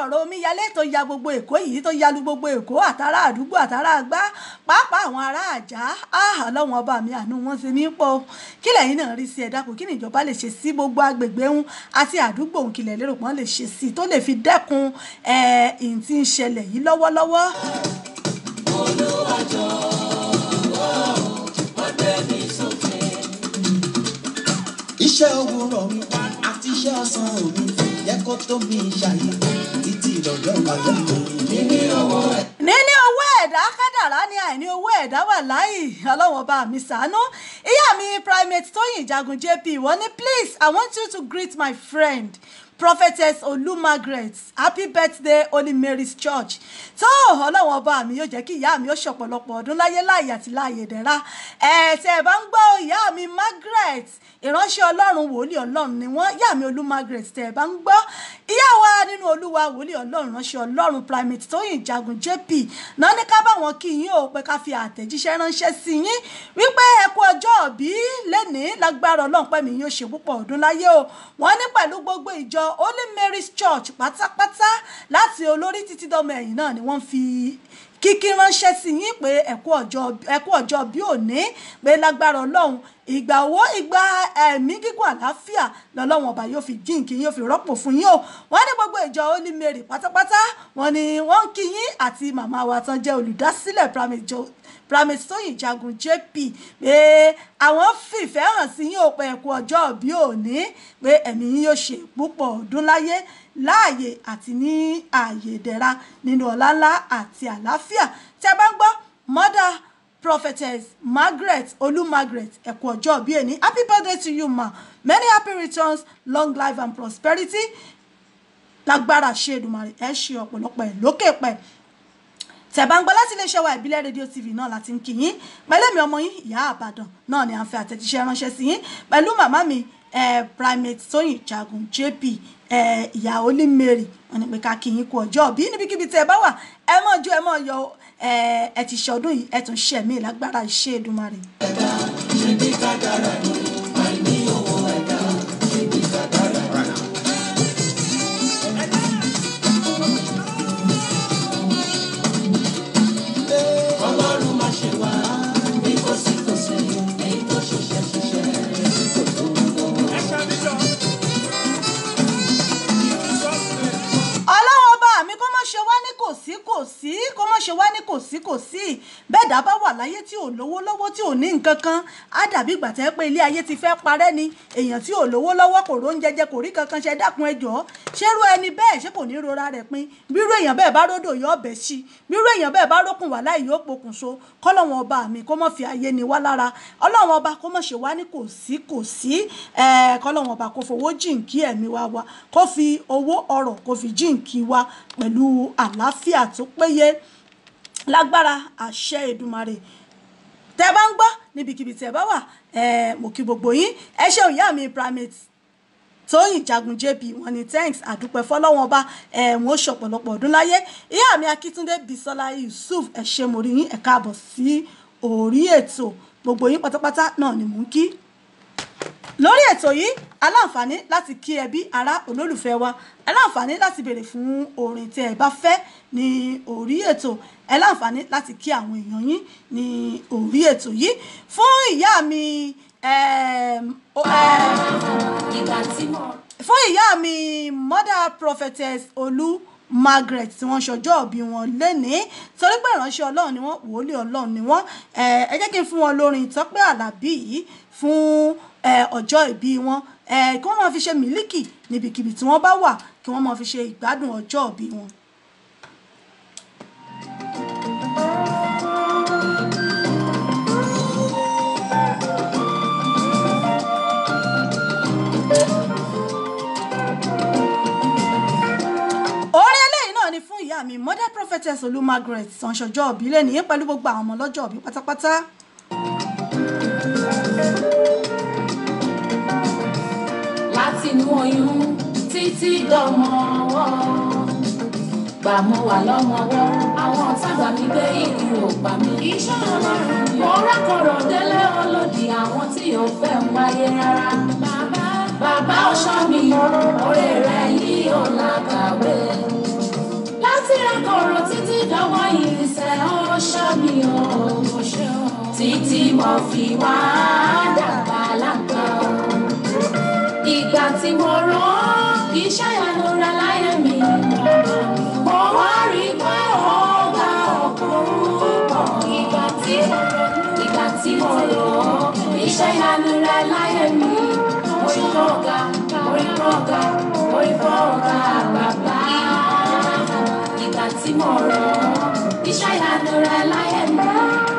ọ̀rọ̀ omíyalé tó ya gbogbo èkó yìí tó yalu gbogbo èkó àtàrà àdúgbò àtàrà àgbá pàápàá àwọn ará àjá ah, ọlọ́wọ́n ọba mi àánú wọn ti mí pọ̀ kí lẹ́yìn náà rí sí ẹ dákun kí ni ìjọba lè ṣe sí gbogbo agbègbè ń àti àdúgbò òun kìlẹ̀ lérò pọ́n lè ṣe sí tó lè fi dẹ́kun ẹ̀ẹ́n tí ń ṣẹlẹ̀ yìí lọ́wọ́lọ́wọ́. olùwàjọ́ ọ̀gbẹ́ mi mi àti iṣẹ́ ọ̀sán òru yẹ kó tó mi ṣàyẹ̀wò dọ̀jọ́ balẹ̀ kù. níní owó ẹ̀. níní owó ẹ̀dá kádàrá ni àìní owó ẹ̀dá wà láàyè ọlọ́wọ́n bá mi ṣàánú ìyá mi primate tóyìn ìjagun jp wọ́n ní please i want you to greet my friend prophetess olu margaret happy birthday holy mary's church tó ọlọ́run ọba mi yóò jẹ́ kí ìyá mi ó ṣọ̀pọ̀lọpọ̀ ọdún láyé láàyè àti láàyè dẹ́ra ẹ̀ tẹ́ ẹ bá ń gbọ́ ìyá mi margaret ìránṣẹ́ ọlọ́run wòlíì ọlọ́run ni wọ́n ìyá mi olú margaret tẹ́ ẹ bá ń gbọ́ ìyá wa nínú olúwa wòlíì ọlọ́run ránṣẹ́ ọlọ́run primate tóyìn jagun jp náà ní ká báwọn kí yín o pé ká fi àtẹ̀jíṣẹ́ ránṣẹ́ sí yín wípé ẹ kú ọjọ́ òbí lénìí lágbára ọlọ́run pẹ̀mí yóò ṣe púpọ̀ ọdún láyé o wọ́n ní pẹ̀lú gbogbo ìjọ Holy Mary's Church pátápátá láti olórí títí dọ́mọ ẹ̀yìn náà ni wọ́n fi kíkí ránṣẹ́ sí yín pé ẹ̀kú ọjọ́ bí òní pé lágbára ọlọ́run ìgbà owó ìgbà ẹ̀mí gígùn àlàáfíà lọ́lọ́run ọba yóò fi jíǹkì yóò fi rọ́pò fún yín o wọ́n ní gbogbo ìjọ Holy Mary pátápátá wọ́n ní wọ́n ń kí yín àti màmá wa tán jẹ́ olùdásílẹ̀ Primary Church primate tóyìn jagun jp pé àwọn fìfẹ́ hàn sí yín òpin ẹ̀kú ọjọ́ bí òní pé ẹ̀mí yín yóò ṣe púpọ̀ ọdún láyé láàyè àti ní ààyè ìdẹ̀ra nínú ọ̀làlá àti àlàáfíà tẹ́ bá ń gbọ́ mother prophetess margaret olu margaret ẹ̀kú ọjọ́ bí òní happy birthday to you ma many happy returns long life and prosperity lágbára ṣe Èdùmàrè ẹ ṣe ọ̀pọ̀lọpọ̀ ẹ̀ lókè pẹ̀ tẹ̀bá ń gbọ́ láti iléeṣẹ́ wa ìbílẹ̀ rédíò tv náà láti ń kí yín pẹ̀lú èmi ọmọ yín ìyá àbàdàn náà ni à ń fẹ́ àtẹ̀jíṣẹ́ ránṣẹ́ sí yín pẹ̀lú màmá mi primate tóyìn jagun jp ìyá olí mary wọn ni pé ká kí yín kú ọjọ́ òbí níbikíbi tẹ́ ẹ bá wà ẹ mọ̀ ju ẹ mọ̀ yọ ẹ ti ṣe yìí ẹ tún ṣẹ̀mí lágbára ìṣe Èdùmàrè. ẹ̀dá ṣe ní kádàrá ni. you kò sí kó má ṣe wá ní kò sí kò sí bẹ́ẹ̀ dá bá wà láyé tí ò lówó lọ́wọ́ tí ò ní nǹkan kan á dàbí ìgbà tẹ́ pé ilé ayé ti fẹ́ parẹ́ ni èèyàn tí ò lówó lọ́wọ́ kò ró ń jẹjẹ kò rí kankan ṣe dákun ẹjọ́ ṣérú ẹni bẹ́ẹ̀ ṣé kò ní rora rẹ̀ pin bírú èèyàn bẹ́ẹ̀ bá ródò yọ ọbẹ̀ sí bírú èèyàn bẹ́ẹ̀ bá rókun wà láì yóò pokùnso kọ́lọ́wọ́n ọba mi kó má fi ayé ni wá lára ọlọ́wọ́n ọba kó má ṣe wá ní kò sí kò sí kọ́lọ́wọ́n ọba kó fowó jìnkí ẹ̀mí wa wa kó fi owó ọrọ̀ kó fi jìnkí wa pẹ̀lú àlàáfíà tó péye lágbára àṣẹ Èdùmàrè tẹ́ bá ń gbọ́ níbikíbi tẹ́ bá wà mo kí gbogbo yín ẹ ṣé ìyá mi primate tóyìn jagun jp wọ́n ní thanks àdúpẹ́ fọlọ́wọ́n ọba ẹ̀wọ̀n ó ṣọ̀pọ̀lọpọ̀ ọdún láyé ìyá mi akíntúndé bisola yusuf ẹ ṣé mo rí yín ẹ káàbọ̀ sí orí ètò gbogbo yín pátápátá náà ni mò ń kí lórí ètò yìí aláǹfààní láti kí ẹbí ará olólùfẹ́ wa aláǹfààní láti béèrè fún orin tí ẹ bá fẹ́ ní orí ètò ẹ láǹfààní láti kí àwọn èèyàn yín ní orí ètò yìí fún ìyá mi fún ìyá mi mother prophetess olú Margaret tí wọ́n ṣọjọ́ òbí wọn lénìí torí pé ìránṣẹ́ Ọlọ́run ni wọ́n wòólì Ọlọ́run ni wọ́n ẹ jẹ́ kí n fún wọn lórin Tọ́pẹ́ Àlàbí yìí fún ọjọ́ ìbí wọn kí wọ́n máa fi ṣe mílíkì níbikíbi tí wọ́n bá wà kí wọ́n máa fi ṣe ìgbádùn ọjọ́ ìbí wọn. ìyá mi mother prophetess olú margaret sanṣọjọ́ òbí lẹ́nìí pẹ̀lú gbogbo àwọn ọmọ lọ́jọ́ òbí pátápátá látinú oyún títí dọmọ ọwọ́ gbà mo wà lọ́mọwọ́ àwọn ọ̀tàgbà mi gbé ìlú ògbà mi. iṣẹ́ ọlọ́run mo rákọ̀rọ̀ délé olódì àwọn tí ò fẹ́ ń wáyé rárá. bàbá bàbá ọ̀ṣọ́ mi oore rẹ̀ yìí ò lágàwé. láti rákọ̀rọ̀ títí dọ́wọ́ ìrìnsẹ̀ ọ̀ṣọ́ mi ò ṣe títí mo fi wá dàgbà lágbà ìgbà tí mo rán kì í ṣàyànú ra láyé mi mo wá rí pé ó gba ọkùnrin pọ̀ ìgbà tí mo rán ìgbà tí mo rán kì í ṣàyànú ra láyé mi orí fọ́ọ̀gá orí fọ́ọ̀gá orí fọ́ọ̀gá bàbá ìgbà tí mo rán kì í láyé mi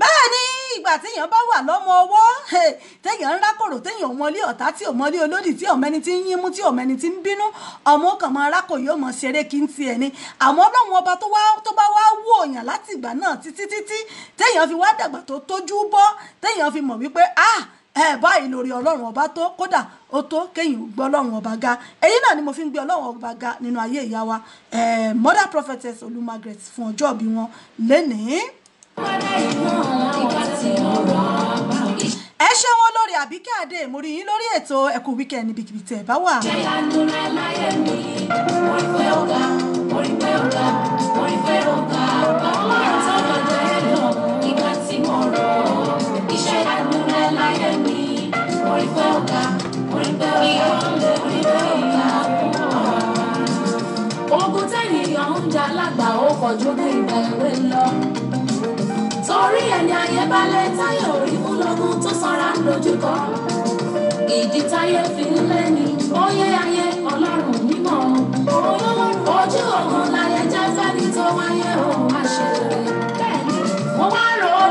bẹ́ẹ̀ ni ìgbà téèyàn bá wà lọ́mọ ọwọ́ téèyàn ń rákòrò téèyàn ò mọlé ọ̀tá tí ò mọlé olódì tí ọmọ ẹni tí ń yín mú tí ọmọ ẹni tí ń bínú ọmọ kan mọ arákò yóò mọ ṣeré kí n tiẹ̀ ni àmọ́ ọlọ́run ọba tó bá wá wú òyàn láti ìgbà náà títí títí téèyàn fi wá dàgbà tó tójú bọ́ téèyàn fi mọ̀ wípé ah ẹ báyìí lórí ọlọ́run ọba tó kódà ó tó kéyìn gbọ́ ọlọ́run ọba ga èyí náà ni mo fi ń gbé ọlọ́run ọba ga nínú ayé ìyá wa mother prophetess olú margaret fún ọjọ́ bí wọn lénìí. ẹ ṣé wọn lórí àbíkẹ́ adé mo rí yín lórí ètò ẹkú wíkẹ́ níbi kìbìtì tẹ̀ bá wà. jẹ́ iṣẹ́ àánú rẹ̀ láyé mi orí pẹ́ ọ̀gá orí pẹ́ ọ̀gá orí pẹ́ ọ̀gá ogun tẹ́nìyàn ń jà lágbà ó kọjú ní ìgbà èwe lọ torí ẹni ayé balẹ̀ táyà orí mú lọ́gùn tó sanra lójúkọ ìdí táyé fi ń lé ní oyé ayé ọlọ́run mímọ́ ojú ọ̀gàn láyé jẹ́ fẹ́ni tó wáyé òun àṣẹ rẹ̀ mo wá rò ó.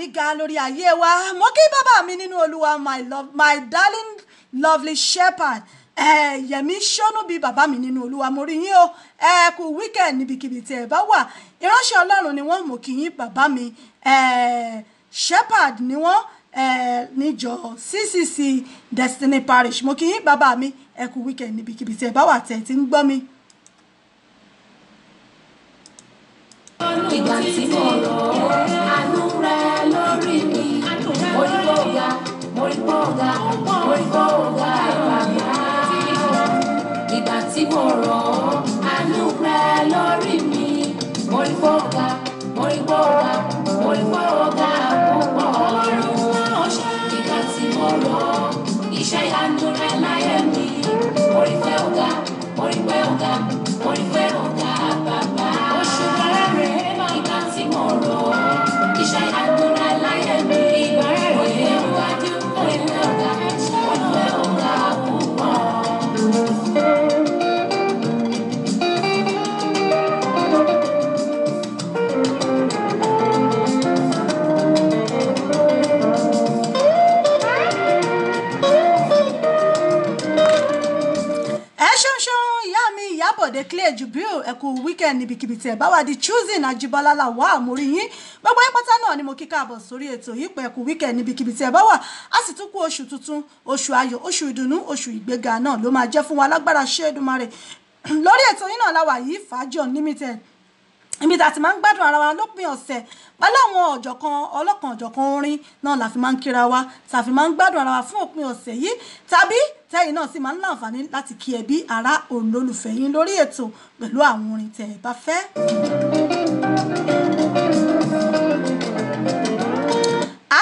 mi ga lórí ayé wa mo kí bàbá mi nínú olúwa my love my darling lovely shepherd yẹ̀mí ṣọ́nú bíi bàbá mi nínú olúwa mo rí yín o ẹ kú weekend níbikíbi tí ẹ bá wà ìránṣẹ́ ọlọ́run ni wọ́n mọ̀ kí yín bàbá mi shepherd ni wọ́n níjọ ccc destiny parish mo kí yín bàbá mi ẹ kú weekend níbikíbi tí ẹ bá wà tẹ̀ tí ń gbọ́ mi. ìgbà tí mo rọ̀ ọ́. tí mo rọ̀ ọ́ àánú rẹ lórí mi mo rí fọ́ọ̀gà mo rí fọ́ọ̀gà mo rí fọ́ọ̀gà. clay jubril ẹ kú weekend níbikíbi tí ẹ bá wà di choosing àjíbọ́lá làwọ̀ àmórí yín gbogbo yín pátá náà ni mo kí káàbọ̀ sórí ètò yìí pé ẹ weekend níbikíbi tí ẹ bá wà á sì tún kú oṣù tuntun oṣù ayọ̀ oṣù ìdùnnú oṣù ìgbéga náà ló máa jẹ́ fún wa lágbára ṣéèdùmarè lórí ètò yìí náà láwà yìí fàájọ unlimited ibi tá a ti máa ń gbádùn ara wa lópin ọ̀sẹ̀ pẹ̀lú àwọn ọ̀jọ̀kan ọlọ́kan ọ̀jọ̀kan orin náà la fi máa ń kíra wa tá a fi máa ń gbádùn ara wa fún òpin ọ̀sẹ̀ yìí tàbí tẹ́yìn náà sì máa ń láǹfààní láti kí ẹbí ará òǹlólùfẹ́ yín lórí ètò pẹ̀lú àwọn orin tẹ́ ẹ bá fẹ́.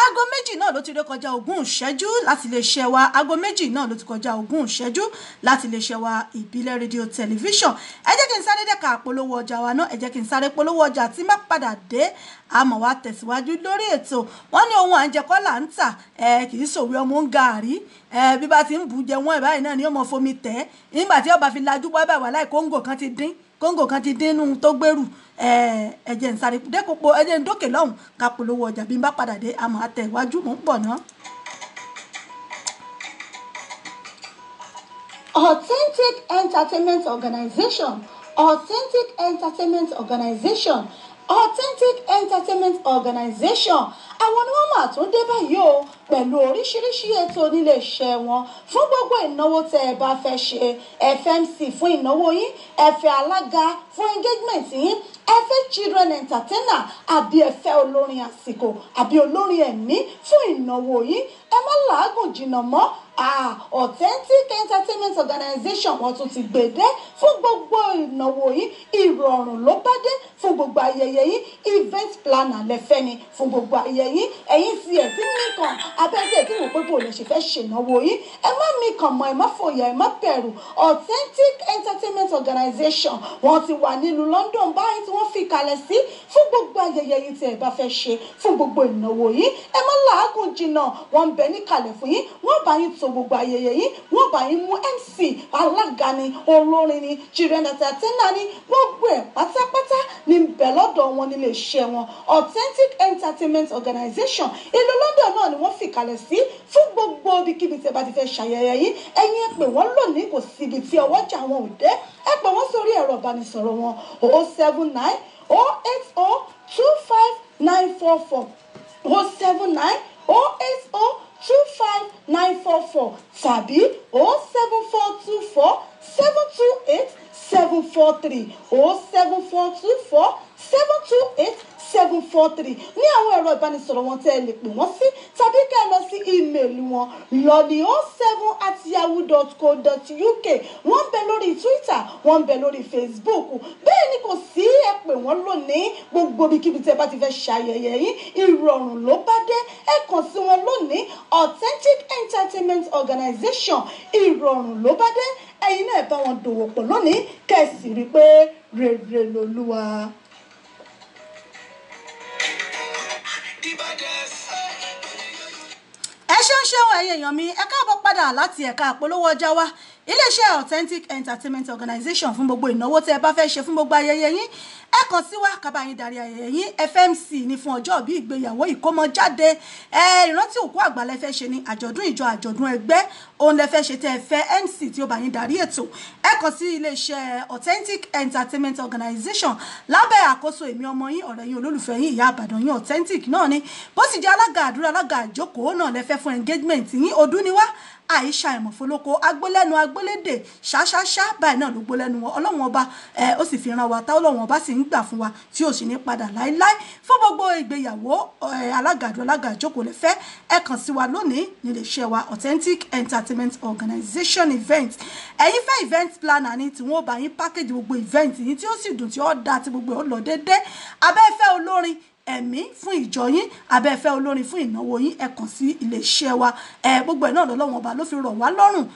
aago méjì náà ló ti ré kọjá ogún ìṣẹ́jú láti lè ṣẹ́ wa aago méjì náà ló ti kọjá ogún ìṣẹ́jú láti lè ṣẹ́ wa ìbílẹ̀ rédíò tẹlifíṣàn ẹ jẹ́ kí n sáré dẹ́ka àpolówó ọjà wa náà ẹ jẹ́ kí n sáré polówó ọjà tí má padà dé àmọ́ wa tẹ̀síwájú lórí ètò wọ́n ní ohun àjẹkọ́ là ń tà ẹ kì í sòwé ọmọ ń gàárì ẹ bí bá ti ń bù jẹ wọ́n ẹ̀ báyìí náà ni ó mọ fomi tẹ̀ nígbà tí ọba fi lajú wá báyìí wà láì kóńgò kan ti dín kóńgò kan ti dín tó gbèrú ẹ̀jẹ̀ ń sáré dẹ́kọ̀pọ̀ ẹ̀jẹ̀ ń dókè ọjà bí n bá padà dé àmọ́ àtẹ̀ iwájú mò ń bọ̀ ná. Authentic Entertainment Organization Authentic Entertainment Organization Authentic Entertainment Organization àwọn ni wọ́n mà tún dé báyìí o pẹ̀lú oríṣiríṣi ètò nílé iṣẹ́ wọn fún gbogbo ìnáwó tẹ́ ẹ bá fẹ́ ṣe ẹ fẹ́ MC fún ìnáwó yín ẹ fẹ́ alága fún engagement yín ẹ fẹ́ children entertainer àbí ẹ fẹ́ olórin àsìkò àbí olórin ẹ̀mí fún ìnáwó yín ẹ má làágùn jìnnà mọ́ ah authentic entertainment organization wọ́n tún ti gbèdé fún gbogbo ìnáwó yìí ìrọ̀rùn ló bá dé fún gbogbo ayẹyẹ yìí event planner lẹ́fẹ́ ni fún gbogbo ayẹyẹ yìí ẹ̀yin tí ẹ̀ ti nìkan abẹ́sẹ̀ tí mo pé bò lè ṣe fẹ́ ṣènáwó yìí ẹ má mi kàn mọ́ ẹ má fòyà ẹ má bẹ̀rù authentic entertainment organization wọ́n ti wà nílùú London báyìí tí wọ́n fi kalẹ̀ sí fún gbogbo ayẹyẹ yìí tí ẹ bá fẹ́ ṣe fún gbogbo ìnáwó yìí ẹ má làágùn jìnnà wọ́n ń bẹ gbogbo ayẹyẹ yìí wọ́n bá yín mú MC alága ni olórin ni children entertainer ni gbogbo ẹ̀ pátápátá ní bẹ̀ lọ́dọ̀ wọn nílé iṣẹ́ wọn authentic entertainment organization ìlú London náà ni wọ́n fìkàlẹ̀ sí fún gbogbo ibikíbi tí ẹ bá ti fẹ́ ṣàyẹyẹ yìí ẹ̀yin ẹ pè wọ́n lónìí kò síbi tí ọwọ́jà wọn ò dé ẹ pè wọ́n sórí ẹ̀rọ ìbánisọ̀rọ̀ wọn o oh oh seven nine o oh eight o two five nine four four o seven nine o eight o two five nine four four tàbí o oh seven four two four seven two eight seven four three o oh seven four two four seven two eight seven four three ní àwọn ẹ̀rọ ìbánisọ̀rọ̀ wọn tẹ́ ẹ lè pè wọ́n sí tàbí kẹ́ ẹ lọ sí ímeèlì wọn lọ́ọ̀dì o oh seven at yahoo dot co dot uk wọ́n ń bẹ lórí twitter wọ́n ń bẹ lórí facebook bẹ́ẹ̀ ni kò sí ẹ pè wọ́n lónìí gbogbo ibikíbi tẹ́ ẹ bá ti fẹ́ ṣayẹyẹ yín ìrọ̀rùn ló bá dé ẹ kàn sí wọn lónìí authentic entertainment organization ìrọ̀rùn ló bá dé ẹ̀yin náà bá wọn dòwò pọ̀ lónìí kẹ́ ẹ sì rí i pé rere lolúwa. ẹ ṣeun ṣeun ẹ̀yin èèyàn mi ẹ káàbọ̀ padà láti ẹ̀ka àpolówó ọjà wa iléeṣẹ́ authentic entertainment organization fún gbogbo ìnáwó tẹ́ ẹ bá fẹ́ ṣe fún gbogbo ayẹyẹ yín ẹ kàn sí wa kábà yín darí ayẹyẹ yín fmc ní fún ọjọ́ bí ìgbéyàwó ìkómọjáde ẹ ìrántí òkú àgbà lẹ fẹ́ ṣe ní àjọ̀dún ìjọ àjọ̀dún ẹgbẹ́ òun lẹ fẹ́ ṣe tẹ́ ẹ fẹ́ mc tí ó bá yín darí ètò ẹ kàn sí iléeṣẹ́ authentic entertainment organization lábẹ́ àkóso èmi ọmọ yín ọ̀rẹ́ yín olólùfẹ́ yín ìyá àbàdàn yín authentic náà ni bó sì jẹ́ alága àdúrà alága àjókòó náà lẹ fẹ́ fún engagement yín ọdún ni wá àìṣà ìmọ̀fólókò agbólẹ́nu agbólédè ṣáṣáṣá báyìí náà ló gbólẹ́nu wọn ọlọ́run ọba ẹ ó sì fi ran wa tá ọlọ́run ọba sì ń gbà fún wa tí ò sì ní padà láéláé fún gbogbo ìgbéyàwó alágàdo alágàjókòó lè fẹ́ ẹ kàn sí wa lónìí nílé iṣẹ́ wa authentic entertainment organization event ẹ̀yin fẹ́ event planner ni tí wọ́n bá yín package gbogbo event yìí tí ó sì dùn tí ó dáa tí gbogbo ẹ̀ ó lọ déédéé abẹ́fẹ́ olórin ẹ̀mí fún ìjọ yín abẹ́fẹ́ olórin fún ìnáwó yín ẹ kàn sí iléeṣẹ́ wa gbogbo ẹ̀ náà lọ́lọ́wọ́n ọba ló fi rọ̀ wá lọ́rùn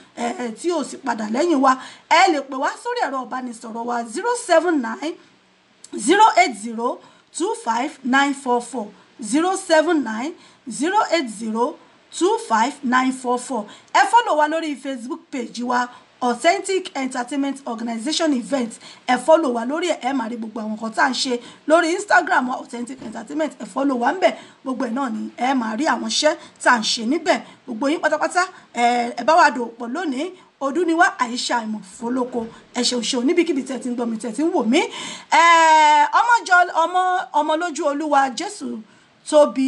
tí ò sì padà lẹ́yìn wa ẹ lè pè wá sórí ẹ̀rọ ìbánisọ̀rọ̀ wa zero seven nine zero eight zero two five nine four four zero seven nine zero eight zero two five nine four four ẹ fọ́lọ̀ wa lórí Facebook page wa authentic entertainment organization event ẹ follow wa lórí ẹ̀ ẹ̀ máa rí gbogbo àwọn nǹkan tá à ń ṣe lórí instagram authentic entertainment ẹ follow wa ń bẹ̀ gbogbo ẹ̀ náà ni ẹ máa rí àwọn iṣẹ́ tá à ń ṣe níbẹ̀ gbogbo yín pátápátá ẹ bá wa dò pọ̀ lónìí ọdún ni wá àyíṣà ìmọ̀ fọlọ́kọ ẹ̀ṣẹ̀ òṣè oníbikíbi tẹ̀ tí ń gbọ́ mi tẹ̀ tí ń wò mí ọmọ lójú olúwa jésù tóbi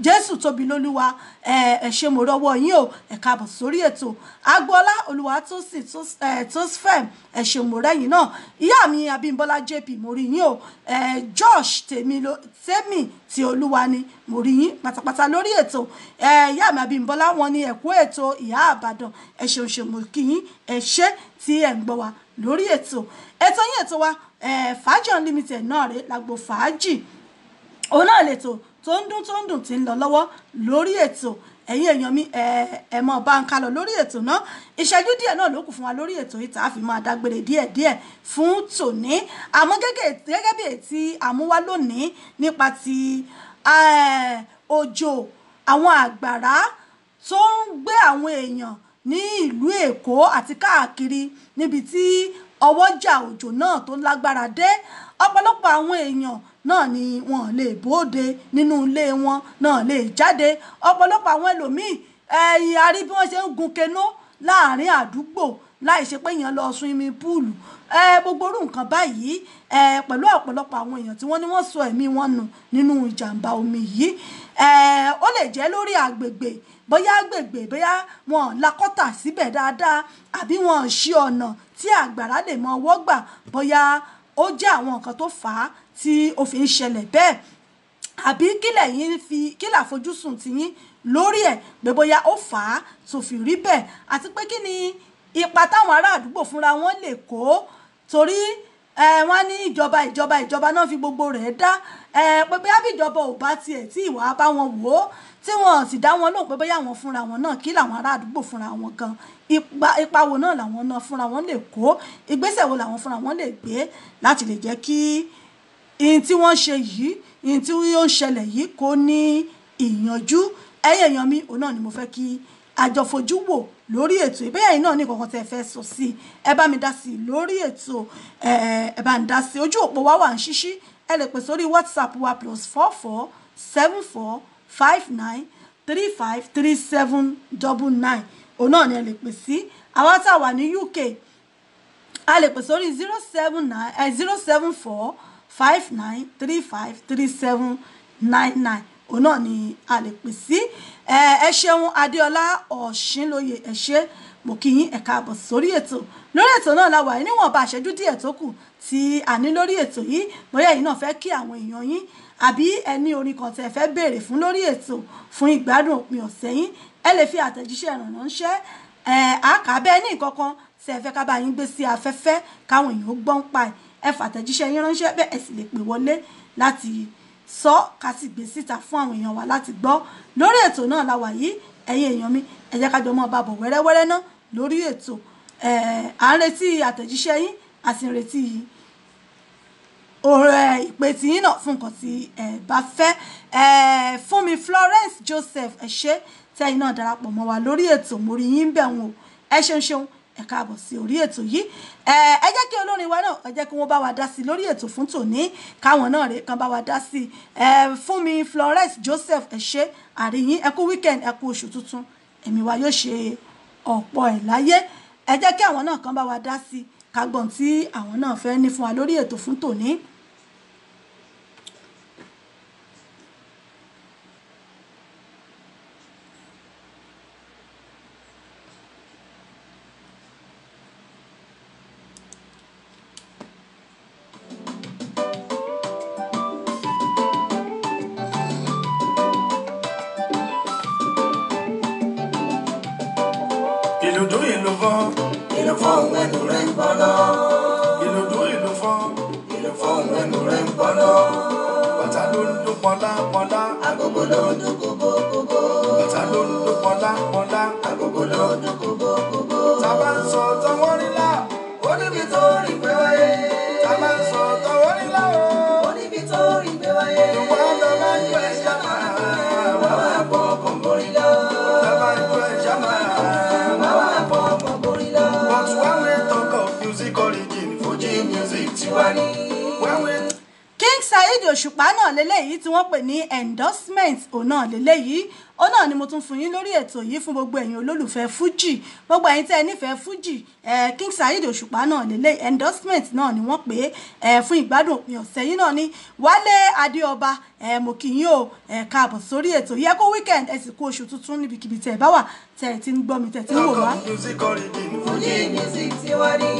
jésù tóbi lólúwa ẹ ṣe mo rọ́wọ́ yín o ẹ káàbọ̀ sórí ètò agboola olúwa tó sì tó fẹ́ ẹ ṣe mo rẹ́yìn náà ìyá mi abímbọ́lá jp mo rí yín o ẹ josh tèmi tí olúwa ni mo rí yín pátápátá lórí ètò ẹ ìyá mi abímbọ́lá wọn ni ẹ̀kú ètò ìyá àbàdàn ẹ ṣeun ṣe mo kí yín ẹ ṣe tí ẹ ń gbọ́ wa lórí ètò ètò yín ètò wa ẹ fàájì unlimited náà rè lágbo fàájì òun náà lè tó tó ń dún tó ń dùn tí ń lọ lọ́wọ́ lórí ètò ẹ̀yin èèyàn mi ẹ mọ̀ bá ń kalọ̀ lórí ètò náà ìṣẹ́jú díẹ̀ náà ló kù fún wa lórí ètò yìí tá a fi máa dágbére díẹ̀ díẹ̀ fún tòní àmọ́ gẹ́gẹ́ bí ètí àmúwá lónìí nípa ti òjò àwọn àgbàrá tó ń gbé àwọn èèyàn ní ìlú Èkó àti káàkiri níbi tí ọwọ́jà òjò náà tó lágbára dé ọ̀pọ̀lọpọ̀ àwọn èèyàn náà ni wọn lè bóde nínú ilé wọn náà lè jáde ọ̀pọ̀lọpọ̀ àwọn ẹlòmíì ẹ̀yìn àrí bí wọ́n ṣe ń gun kenú láàrin àdúgbò láì ṣe pé èèyàn lọ sun imi púùlù ẹ gbogbo orú nǹkan báyìí ẹ pẹ̀lú ọ̀pọ̀lọpọ̀ àwọn èèyàn tí wọ́n ní wọ́n sọ ẹ̀mí wọn nù nínú ìjàmbá omi yìí ẹ ó lè jẹ́ lórí àgbègbè bóyá àgbègbè bóyá wọn lakọ́tà síbẹ̀ dáadáa àbí wọn ṣí ọ̀nà tí àgbàrá lè mọ ọwọ́ gbà bóyá ó jẹ́ àwọn nǹkan tó fà á tí ó fi ń ṣẹlẹ̀ bẹ́ẹ̀ àbí kílẹ̀ yín fi kílẹ̀ àfojúsùn tiyín lórí ẹ̀ pé bóyá ó fà á tó fi rí bẹ́ẹ̀ àti pé kí ni ipa táwọn ará àdúgbò fúnra wọn lè kó torí wọ́n ní ìjọba ìjọba ìjọba náà fi gbogbo rẹ̀ dá pé bóyá bí ìjọba ò bá tiẹ̀ tí ìwà bá wọn wò ó tí wọn sì dá wọn lóhùn pé bóyá àwọn fúnra wọn náà kí làwọn ará àdúgbò fúnra wọn kan ipa wo náà làwọn náà fúnra wọn lè kó ìgbésẹ̀ wo làwọn fúnra wọn lè gbé láti lè jẹ́ kí ìyìn tí wọ́n ṣe yìí ìyìn tí ó ń ṣẹlẹ̀ yìí kò ní ìyànjú ẹ̀yẹ̀ èèyàn mi òun náà ni mo fẹ́ kí àjọfojú wò lórí ètò ìbéyà yìí náà ní kankan tẹ́ fẹ́ sọ sí ẹ bá mi dá sí i lórí ètò ẹ bá ń dá sí i ojú òpó wa wà ń ṣíṣí ẹ lè pè sórí whatsapp wa plus four four seven four five nine three five three seven double nine òun náà ni ẹ lè pè sí àwa tá a wà ní uk a lè pè sórí zero seven nine zero seven four five nine three five three seven nine nine òun náà ni a lè pè sí ẹ ṣeun adéọlá ọ̀ṣínlóye ẹ ṣé mo kí yín ẹ káàbọ̀ sórí ètò lórí ètò náà la wà níwọ̀nba àṣẹjú díẹ̀ tó kù tí a ní lórí ètò yìí bóyá ẹ̀yin náà fẹ́ kí àwọn èèyàn yín àbí ẹni orin kan tẹ́ fẹ́ béèrè fún lórí ètò fún ìgbádùn òpin ọ̀sẹ̀ yín ẹ lè fi àtẹ̀jíṣẹ́ ìrànlọ́ńṣẹ́ ẹ̀ àkàbẹ́ ní nǹkan kan fẹ́ ká bá yín gbé sí afẹ́fẹ́ káwọn èèyàn gbọ́n pa ẹ̀ ẹ fàtẹ̀jíṣẹ́ yín ránṣẹ́ bẹ́ẹ̀ ẹ sì lè pè wọlé láti sọ ká sì gbé síta fún àwọn èèyàn wa láti gbọ́ lórí ètò náà la wà yìí ẹ̀yin èèyàn mi ẹ jẹ́ ká jọ mọ́ bàbọ̀ wẹ́rẹ́wẹ́rẹ́ náà lórí ètò à ń retí àtẹ̀jíṣẹ́ yín a sì ń retí ọ̀rọ̀ ìpè tí yín náà fún nǹkan tí ẹ bá fẹ́ fún mi Florence Joseph ẹ ṣé tẹ́yìn náà darapọ̀ mọ́ wa lórí ètò mo yín bẹ̀ wọ́n ẹ ṣeun ṣeun ẹ káàbọ̀ sí orí ètò yìí ẹ jẹ́ kí olórin wa náà ẹ jẹ́ kí wọ́n bá wa dá sí lórí ètò fún tòní káwọn náà rè kan bá wa dá sí fún mi Florence Joseph ẹ ṣé àríyìn ẹ kú weekend ẹ kú oṣù tuntun èmi wa yóò ṣe ọ̀pọ̀ ẹ̀ láyé ẹ jẹ́ kí àwọn náà kan bá wa dá sí kágbọ̀n tí àwọn náà fẹ́ ní fún wa lórí ètò fún tòní. ètò yìí fún gbogbo ẹ̀yin olólùfẹ́ fújì gbogbo ẹ̀yin tẹ́ ẹ nífẹ̀ẹ́ Fuji. King Saheed Òṣùpá náà lélẹ̀ endorsement náà ni wọ́n pè é fún ìgbádùn òpin ọ̀sẹ̀ yìí náà ni Wálé Adéọba mo kì í yóò káàbọ̀ sórí ètò yẹ kó weekend ẹ sì kú oṣù tuntun níbikíbi tẹ́ ẹ bá wà tẹ́ ẹ ti ń gbọ́ mi tẹ́ ẹ ti ń wò wá. Fújì music tiwa ni.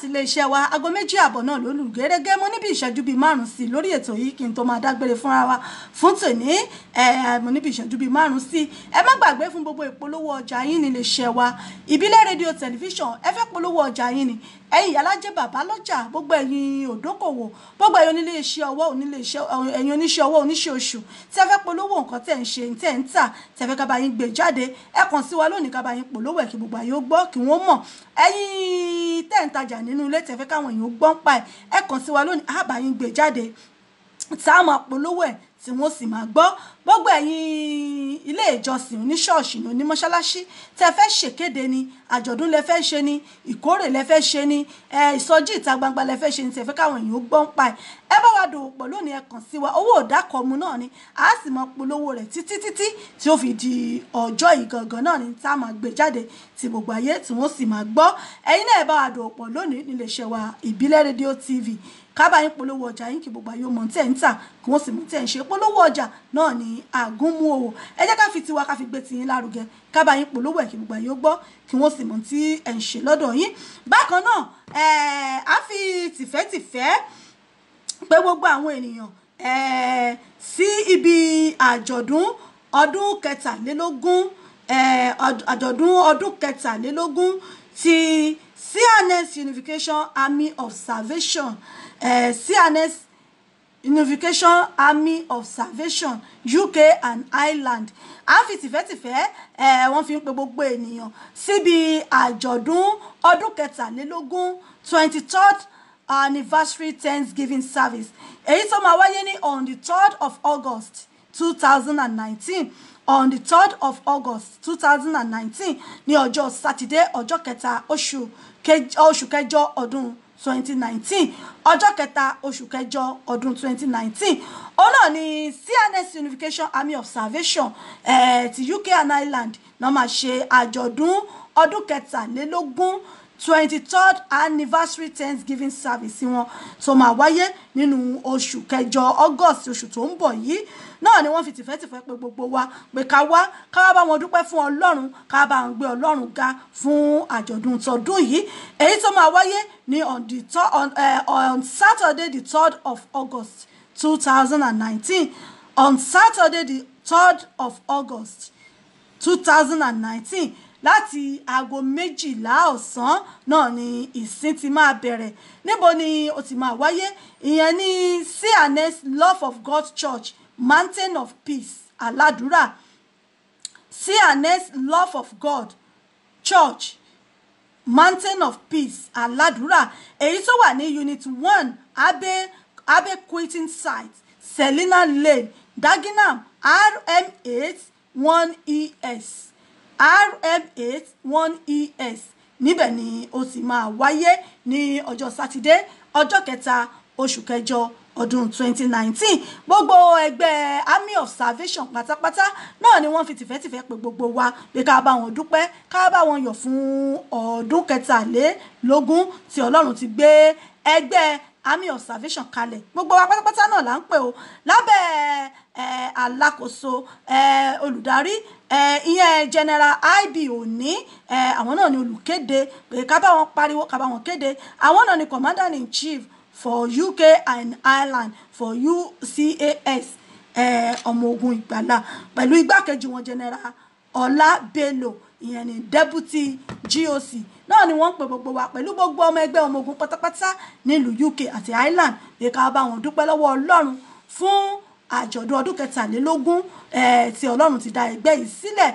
láti iléeṣẹ́ wa aago méjì àbọ̀ náà ló lù gẹ́gẹ́ mo ní bí ìṣẹ́jú bíi márùn sí i lórí ètò yìí kí n tó máa dágbére fúnra wa fún tòní mo ní ìṣẹ́jú bíi márùn sí ẹ má gbàgbé fún gbogbo ìpolówó ọjà yín ní iléeṣẹ́ wa ìbílẹ̀ rédíò tẹlifíṣàn ẹ fẹ́ polówó ọjà yín ni ẹ̀yin alájẹ bàbá lọ́jà gbogbo ẹ̀yin òdókòwò gbogbo ẹ̀yin onílé iṣẹ́ ọwọ́ onílé iṣẹ́ ẹ̀yin oníṣẹ́ ọwọ́ oníṣẹ́ oṣù tí ẹ fẹ́ polówó nǹkan tẹ̀ ń ṣe tẹ̀ ń tà tẹ̀ fẹ́ kábàá yín gbé jáde ẹ kàn sí wa lónìí kábàá yín polówó ẹ̀ kí gbogbo àyè ó gbọ́ kí wọ́n mọ̀ ẹ̀yin tẹ̀ ń tajà nínú ilé tẹ̀ fẹ́ káwọn èèyàn gbọ́n pa ẹ̀ ẹ kàn sí wa lónìí àbá yín gbé jáde tá a máa polówó ẹ̀ tí wọ́n sì máa gbọ́ gbogbo ẹ̀yin ilé ìjọsìn oníṣọ́ọ̀ṣì ní onímọ̀ṣáláṣí tẹ́ fẹ́ ṣèkéde ni àjọ̀dún lẹ fẹ́ ṣe ni ìkórè lẹ fẹ́ ṣe ni ìsọjí ìta gbangba lẹ fẹ́ ṣe ni tẹ́ fẹ́ káwọn èèyàn gbọ́ ń pa ẹ̀ ẹ bá wa dòwò pọ̀ lónìí ẹ kàn sí wa owó òdàkọ̀mu náà ni a sì mọ polówó rẹ̀ títí títí tí ó fi di ọjọ́ ìgangan náà ni tá a máa gbé jáde tí gbogbo ayé tí wọ́n sì máa gbọ́ ẹ̀yin náà ẹ bá wa dòwò pọ̀ lónìí níléeṣẹ́ wa ìbílẹ̀ rédíò TV kábà yín polówó ọjà yín kí gbogbo ayé mọ̀ tẹ̀ ń tà kí wọ́n sì mọ̀ tẹ̀ ń ṣe polówó ọjà náà ní àgúnmu òwò ẹ jẹ́ ká fi tiwa ká fi gbé tiyín lárugẹ kábà yín polówó ẹ̀ kí gbogbo ayé gbọ́ kí wọ́n sì mọ̀ tí ẹ̀ ń ṣe lọ́dọ̀ yín bákan náà ẹ̀ á fi tìfẹ́tìfẹ́ pé gbogbo àwọn ènìyàn ẹ̀ sí ibi àjọ̀dún ọdún kẹtàlélógún àjọ̀dún ọdún kẹtàlélógún ti CNS Unification Army of Salvation uh, eh, CNS Unification Army of Salvation UK and Ireland à ń fi tìfẹ́tìfẹ́ eh, wọ́n fi ń pe gbogbo ènìyàn síbi àjọ̀dún ọdún kẹtàlélógún twenty third anniversary Thanksgiving service èyí tó máa wáyé ní on the third of August two thousand and nineteen on the third of august two thousand and nineteen ní ọjọ́ sátidé ọjọ́ kẹta oṣù kẹjọ ọdún 2019 ọjọ́ kẹta oṣù kẹjọ ọdún 2019 òun ni CNS Unification Army of Salvation eh, ti UK and Ireland náà máa ṣe àjọ̀dún ọdún kẹtàlélógún 23rd anniversary thanksgiving service wọn tó máa wáyé nínú oṣù kẹjọ August oṣù tó ń bọ̀ yìí náà ni wọ́n fi tìfẹ́tìfẹ́ pé gbogbo wa pé ká wá ká wá bá wọn dúpẹ́ fún ọlọ́run ká bá wọn gbé ọlọ́run ga fún àjọ̀dún tọdún yìí èyí tó máa wáyé ní on the on, uh, on Saturday the third of August two thousand and nineteen on Saturday the third of August two thousand and nineteen láti aago méjìlá ọ̀sán náà ni ìsìn ti máa bẹ̀rẹ̀ níbo ni ó ti máa wáyé ìyẹn ní cns love of god church mountain of peace Aladura, see and next love of God church mountain of peace Aladura. èyí tó wà ní unit one abe abe quitting site selina lane dagenham rm eight es e rm eight es e níbẹ̀ ni ó sì máa wáyé ní ọjọ́ sátidé ọjọ́ kẹta oṣù kẹjọ ọdún 2019 gbogbo ẹgbẹ́ army of salvation pátápátá náà ni wọ́n fi tìfẹ́tìfẹ́ pè gbogbo wa pé ká bá wọn dúpẹ́ ká bá wọn yọ̀ fún ọdún kẹtàlélógún tí ọlọ́run ti gbé ẹgbẹ́ army of salvation kalẹ̀ gbogbo wa pátápátá náà là ń pè o lábẹ́ eh, alákòóso eh, olùdarí ìyẹn eh, general ib òní àwọn náà ni olùkéde pé ká bá wọn pariwo ká bá wọn kéde àwọn náà ni commander in chief for UK and Ireland for UCAS ọmọ eh, ogun ìgbàlà pẹ̀lú igbákejì wọn general Ọlá Bello ìyẹn ni deputy GOC náà ni wọ́n ń pè gbogbo wa pẹ̀lú gbogbo ọmọ ẹgbẹ́ ọmọ ogun pátápátá nílùú UK àti Ireland lè ká bá wọn dúpẹ́ lọ́wọ́ Ọlọ́run fún àjọ̀dún ọdún kẹtàlélógún tí ọlọ́run ti dá ẹgbẹ́ yìí sílẹ̀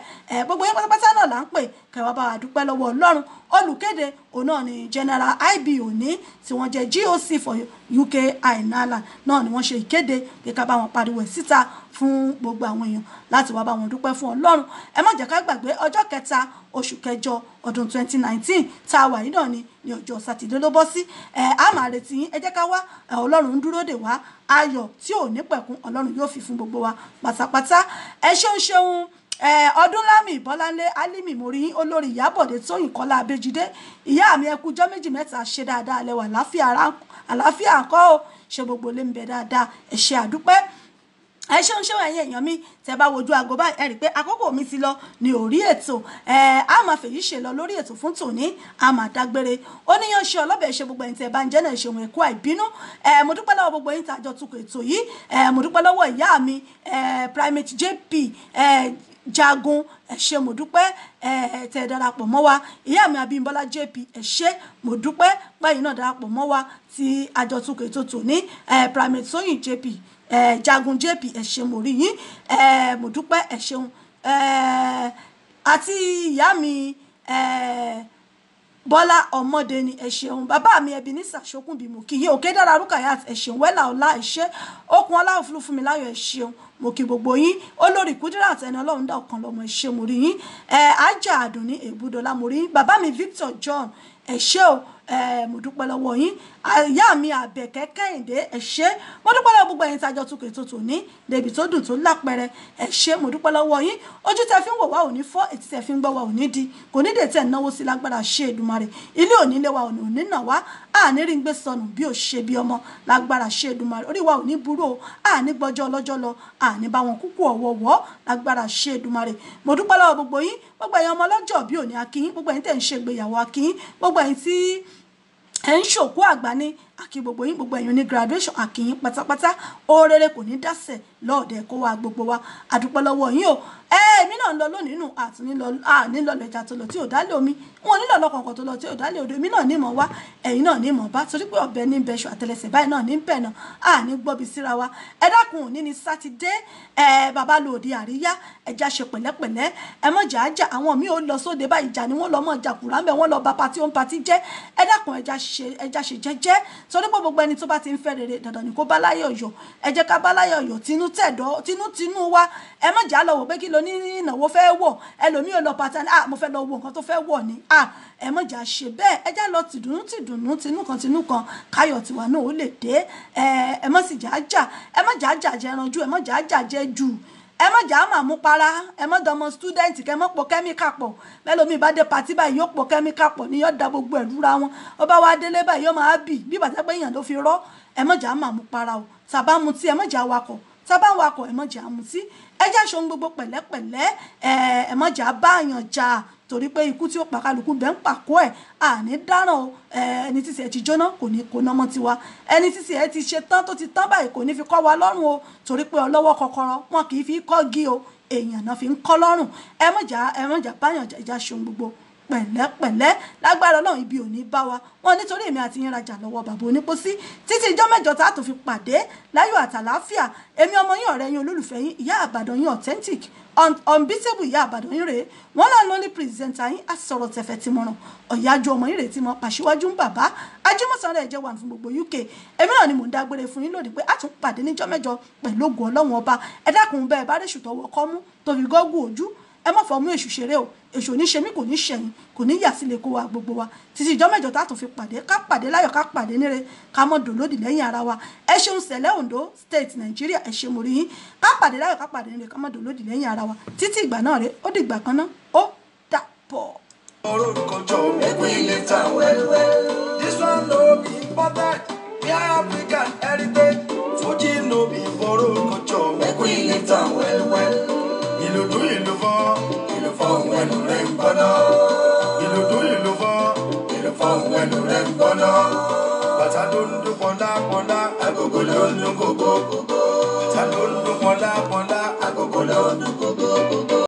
gbogbo yẹn pátápátá náà là ń pè kẹwàá bá wa dúpẹ́ lọ́wọ́ ọlọ́run olùkéde òun náà ni general ib òní tí wọ́n jẹ́ goc for uk inala náà ni wọ́n ṣe ìkéde kíkà bá wọn pariwo ẹ̀ síta fún gbogbo àwọn èèyàn láti wá bá wọn dúpẹ́ fún ọlọ́run ẹ má jẹ́ ká gbàgbé ọjọ́ kẹta oṣù kẹjọ ọdún 2019 tá a wà yìí náà ni ní ọjọ́ sátidé ló bọ́ sí ẹ á máa retí yín ẹ jẹ́ ká wá ọlọ́run ń dúró dè wá ayọ̀ tí ò ní pẹ̀kun ọlọ́run yóò fi fún gbogbo wa pátápátá ẹ ṣeun ṣeun ọdúnlámì bọ́láńlé álímì mórí olórí ìyábọ̀dé tóyìn kọ́lá abéjídé ìyá mi ẹkú jọ́ méjì mẹ́ta ṣe dáadáa lẹ́wà àláfíà ńkọ́ o ṣe gbogbo lé ń bẹ dáadáa ẹ ṣé àdúpẹ́ ẹ ṣeun ṣeun ẹyin èèyàn mi tẹ bá wojú aago báyìí ẹ rí i pé àkókò mi ti lọ ní orí ètò ẹ á máa fèyí ṣe lọ lórí ètò fún tòní á máa dágbére oníyan ṣe ọlọ́bẹ̀ ṣe gbogbo ẹ̀yìn tẹ bá ń jẹ́ náà ṣeun ẹ̀kọ́ àìbínú ẹ mo dúpẹ́ lọ́wọ́ gbogbo yín tàjọ tukọ̀ ètò yìí ẹ mo dúpẹ́ lọ́wọ́ ìyá mi ẹ primate jp ẹ jagun ẹ ṣé mo dúpẹ́ ẹ tẹ darapọ̀ mọ́ wa ìyá mi Abímbọ́lá JP ẹ ṣé mo dúpẹ́ pẹ́yìn náà darapọ̀ mọ́ wa ti àjọ tukọ̀ ètò tòní ẹ primate Tóyìn JP ẹ jagun jp ẹ ṣeun mo rí yín ẹ mo dúpẹ́ ẹ ṣeun ẹ àti ìyá mi ẹ bọ́lá ọmọdé ni ẹ ṣeun bàbá mi ẹbí ní sàṣokùn bí mo kì í òkè dára rúkàyà ẹ ṣeun wẹ́là ọ̀la ẹ ṣé okùn ọlá òfurufú fún mi láyọ̀ ẹ ṣeun mo kí gbogbo yín olórí kúdírà àtẹni ọlọ́run dá ọ̀kan lọ́mọ ẹ ṣé mo rí yín ẹ ajá àdùnní èbúdọ́lá mo rí yín bàbá mi victor john ẹ ṣé o ẹ mo dúpẹ́ lọ́wọ́ yín ìyá mi àbẹ̀kẹ́ kẹ́hìndé ẹ ṣé mo dúpẹ́ lọ́wọ́ gbogbo ẹ̀yin tájọ tukọ̀ ètò tòní débi tó dùn tó lápẹẹrẹ ẹ mo dúpẹ́ lọ́wọ́ yín ojú tẹ fi ń wò wá òní fọ́ ètí tẹ fi ń gbọ́ wá òní di kò ní dè tẹ̀ náwó sí lágbára ṣe èdùmarè ilé òní lé wa òní òní nà wá àní rí ń gbé sọnù bí ò ṣe bí ọmọ lágbára ṣe èdùmarè orí wa òní burú o àní gbọ́jọ́ ọlọ́jọ́ lọ àní bá wọn kúkú ọ̀wọ̀wọ́ lágbára ṣe èdùmarè mo dúpẹ́ lọ́wọ́ gbogbo yín gbogbo ẹ̀yin ọmọ ọlọ́jọ́ bí òní akíyín gbogbo ẹ̀yin tẹ̀ ń ṣègbéyàwó akíyín gbogbo ẹ̀yin tí ẹ̀ ń ṣòkú àgbà ni àkí gbogbo yín gbogbo ẹ̀yin ní graduation àkí yín pátápátá oorere kò ní dásẹ̀ lọ́ọ̀dẹ̀ kó wa gbogbo wa àdúpọ̀ lọ́wọ́ yín o èmi náà ń lọ lónìí nù àti nílọ lẹ́jà tó lọ tí ò dálé omi wọn nílọ lọkọ̀ọ̀kan tó lọ tí ò dálé odò èmi náà ní mọ̀ wá ẹ̀yin náà ní mọ̀ bá torí pé ọ̀bẹ ní bẹṣọ àtẹlẹsẹ̀ báyìí náà ní bẹ̀ náà à ní gbọ́bi síra wa ẹ dákun òní ni sátidé ẹ bàbá lo òde àríyá ẹja ṣe pẹ̀lẹ́pẹ̀lẹ́ ẹ mọ̀ jà á jà àwọn míì ó lọ sóde báyìí jà ni wọ́n lọ mọ̀ jà kùrà ń bẹ̀ wọ́n lọ bá patí ó ń patí jẹ́ ẹ dákun ẹja ṣe jẹ́jẹ́ torí pé gbogbo ẹni tó bá ti ń fẹ́ rere dandan ni kó bá láyé ọ̀yọ́ ẹ jẹ́ ká bá láyé ọ̀yọ́ tinú tẹ̀dọ́ tinú tinú wa ẹ má jà lọ wò pé kí lo ní ìnáwó fẹ́ wọ̀ ẹlòmíì ò lọ pátá ni ah mo fẹ́ lọ wo nǹkan tó fẹ́ wọ̀ ni ah ẹ má jà ṣe bẹ́ẹ̀ ẹ já lọ tìdùnnú tìdùnnú tinú kan tinú kan káyọ̀ tiwa náà ó lè dé ẹ má sì jà jà ẹ má jà jà jẹ ranjú ẹ má jà jà jẹ jù ẹ má jà á mà mú para ẹ má dọmọ student kẹ mọ́ po kẹ́míkà pọ̀ mẹ́lòmíì bá dé patí báyìí yóò po kẹ́míkà pọ̀ ni yóò da gbogbo ẹ̀rúra wọn ó bá wá délé báyìí yóò máa bì bí bàtà pé èèyàn ló fi rọ́ ẹ má jà á mà mú para o tàbá mutí ẹ má jà á tàbá wakọ̀ ẹ má jà á mutí ẹ jẹ́ ṣohun gbogbo pẹ̀lẹ́pẹ̀lẹ́ ẹ mọ̀jà báàyàn jà torí pé ikú tí ó pa kálukú bẹ́ẹ̀ ń pàkó ẹ̀ àní dáràn o ẹni tí tiẹ̀ ti jóná kò ní kó námọ́ tiwa ẹni tí tiẹ̀ ti ṣe tán tó ti tán báyìí kò ní fi kọ́ wa lọ́rùn o torí pé ọlọ́wọ́ kọ́kọ́rọ́ wọn kì í fi kọ́ gí o èèyàn náà fi ń kọ́ lọ́rùn ẹ mọ̀jà ẹ mọ̀jà báàyàn jà ṣohun gbogbo pẹ̀lẹ́pẹ̀lẹ́ lágbára ọlọ́run ibi ò ní bá wa wọn nítorí èmi àti yín rajà lọ́wọ́ bàbá onípòsí títí ijọ́ mẹ́jọ tá a tó fi pàdé láyọ̀ àtàláfíà èmi ọmọ yín ọ̀rẹ́ yín olólùfẹ́ yín ìyá àbàdàn yín authentic unbeatable ìyá àbàdàn yín rèé wọn náà lọ ní pírẹsẹ̀ntà yín àsọ̀rọ̀ tẹ̀fẹ̀ ti mọ̀ràn ọ̀yájú ọmọ yín rèé ti mọ pàṣíwájú ń bàbá ajímọ̀sán rẹ̀ jẹ́ wà fún gbogbo uk èmi náà ni mò ń dágbére fún yín lóde pé a tún pàdé níjọ́ mẹ́jọ pẹ̀lú ògùn ọlọ́run ọba ẹ dákun bẹ́ẹ̀ bá rí ṣùtọ̀ wọ̀kọ́ mú tòbí gọ́gùn ojú ẹ má fọmú èṣù ṣeré o èṣù ò ní ṣe mí kò ní ṣẹ̀yìn kò ní yà sílẹ̀ kó wa gbogbo wa títí ìjọ mẹ́jọ tá a tún fi pàdé ká pàdé láyọ̀ ká pàdé níre ká mọ́ dòlódì lẹ́yìn ara wa ẹ ṣeun sẹ̀lẹ̀ Ondo state Nàìjíríà ẹ ṣe mórí yín ká pàdé láyọ̀ ká pàdé níre ká mọ́ dòlódì lẹ́yìn ara wa títí ìgbà náà rè ó dìgbà kan náà ó dàpọ̀. orúkọ this one no be important we are African heritage Fuji no be orúkọ jọ mẹ́kún ilé ta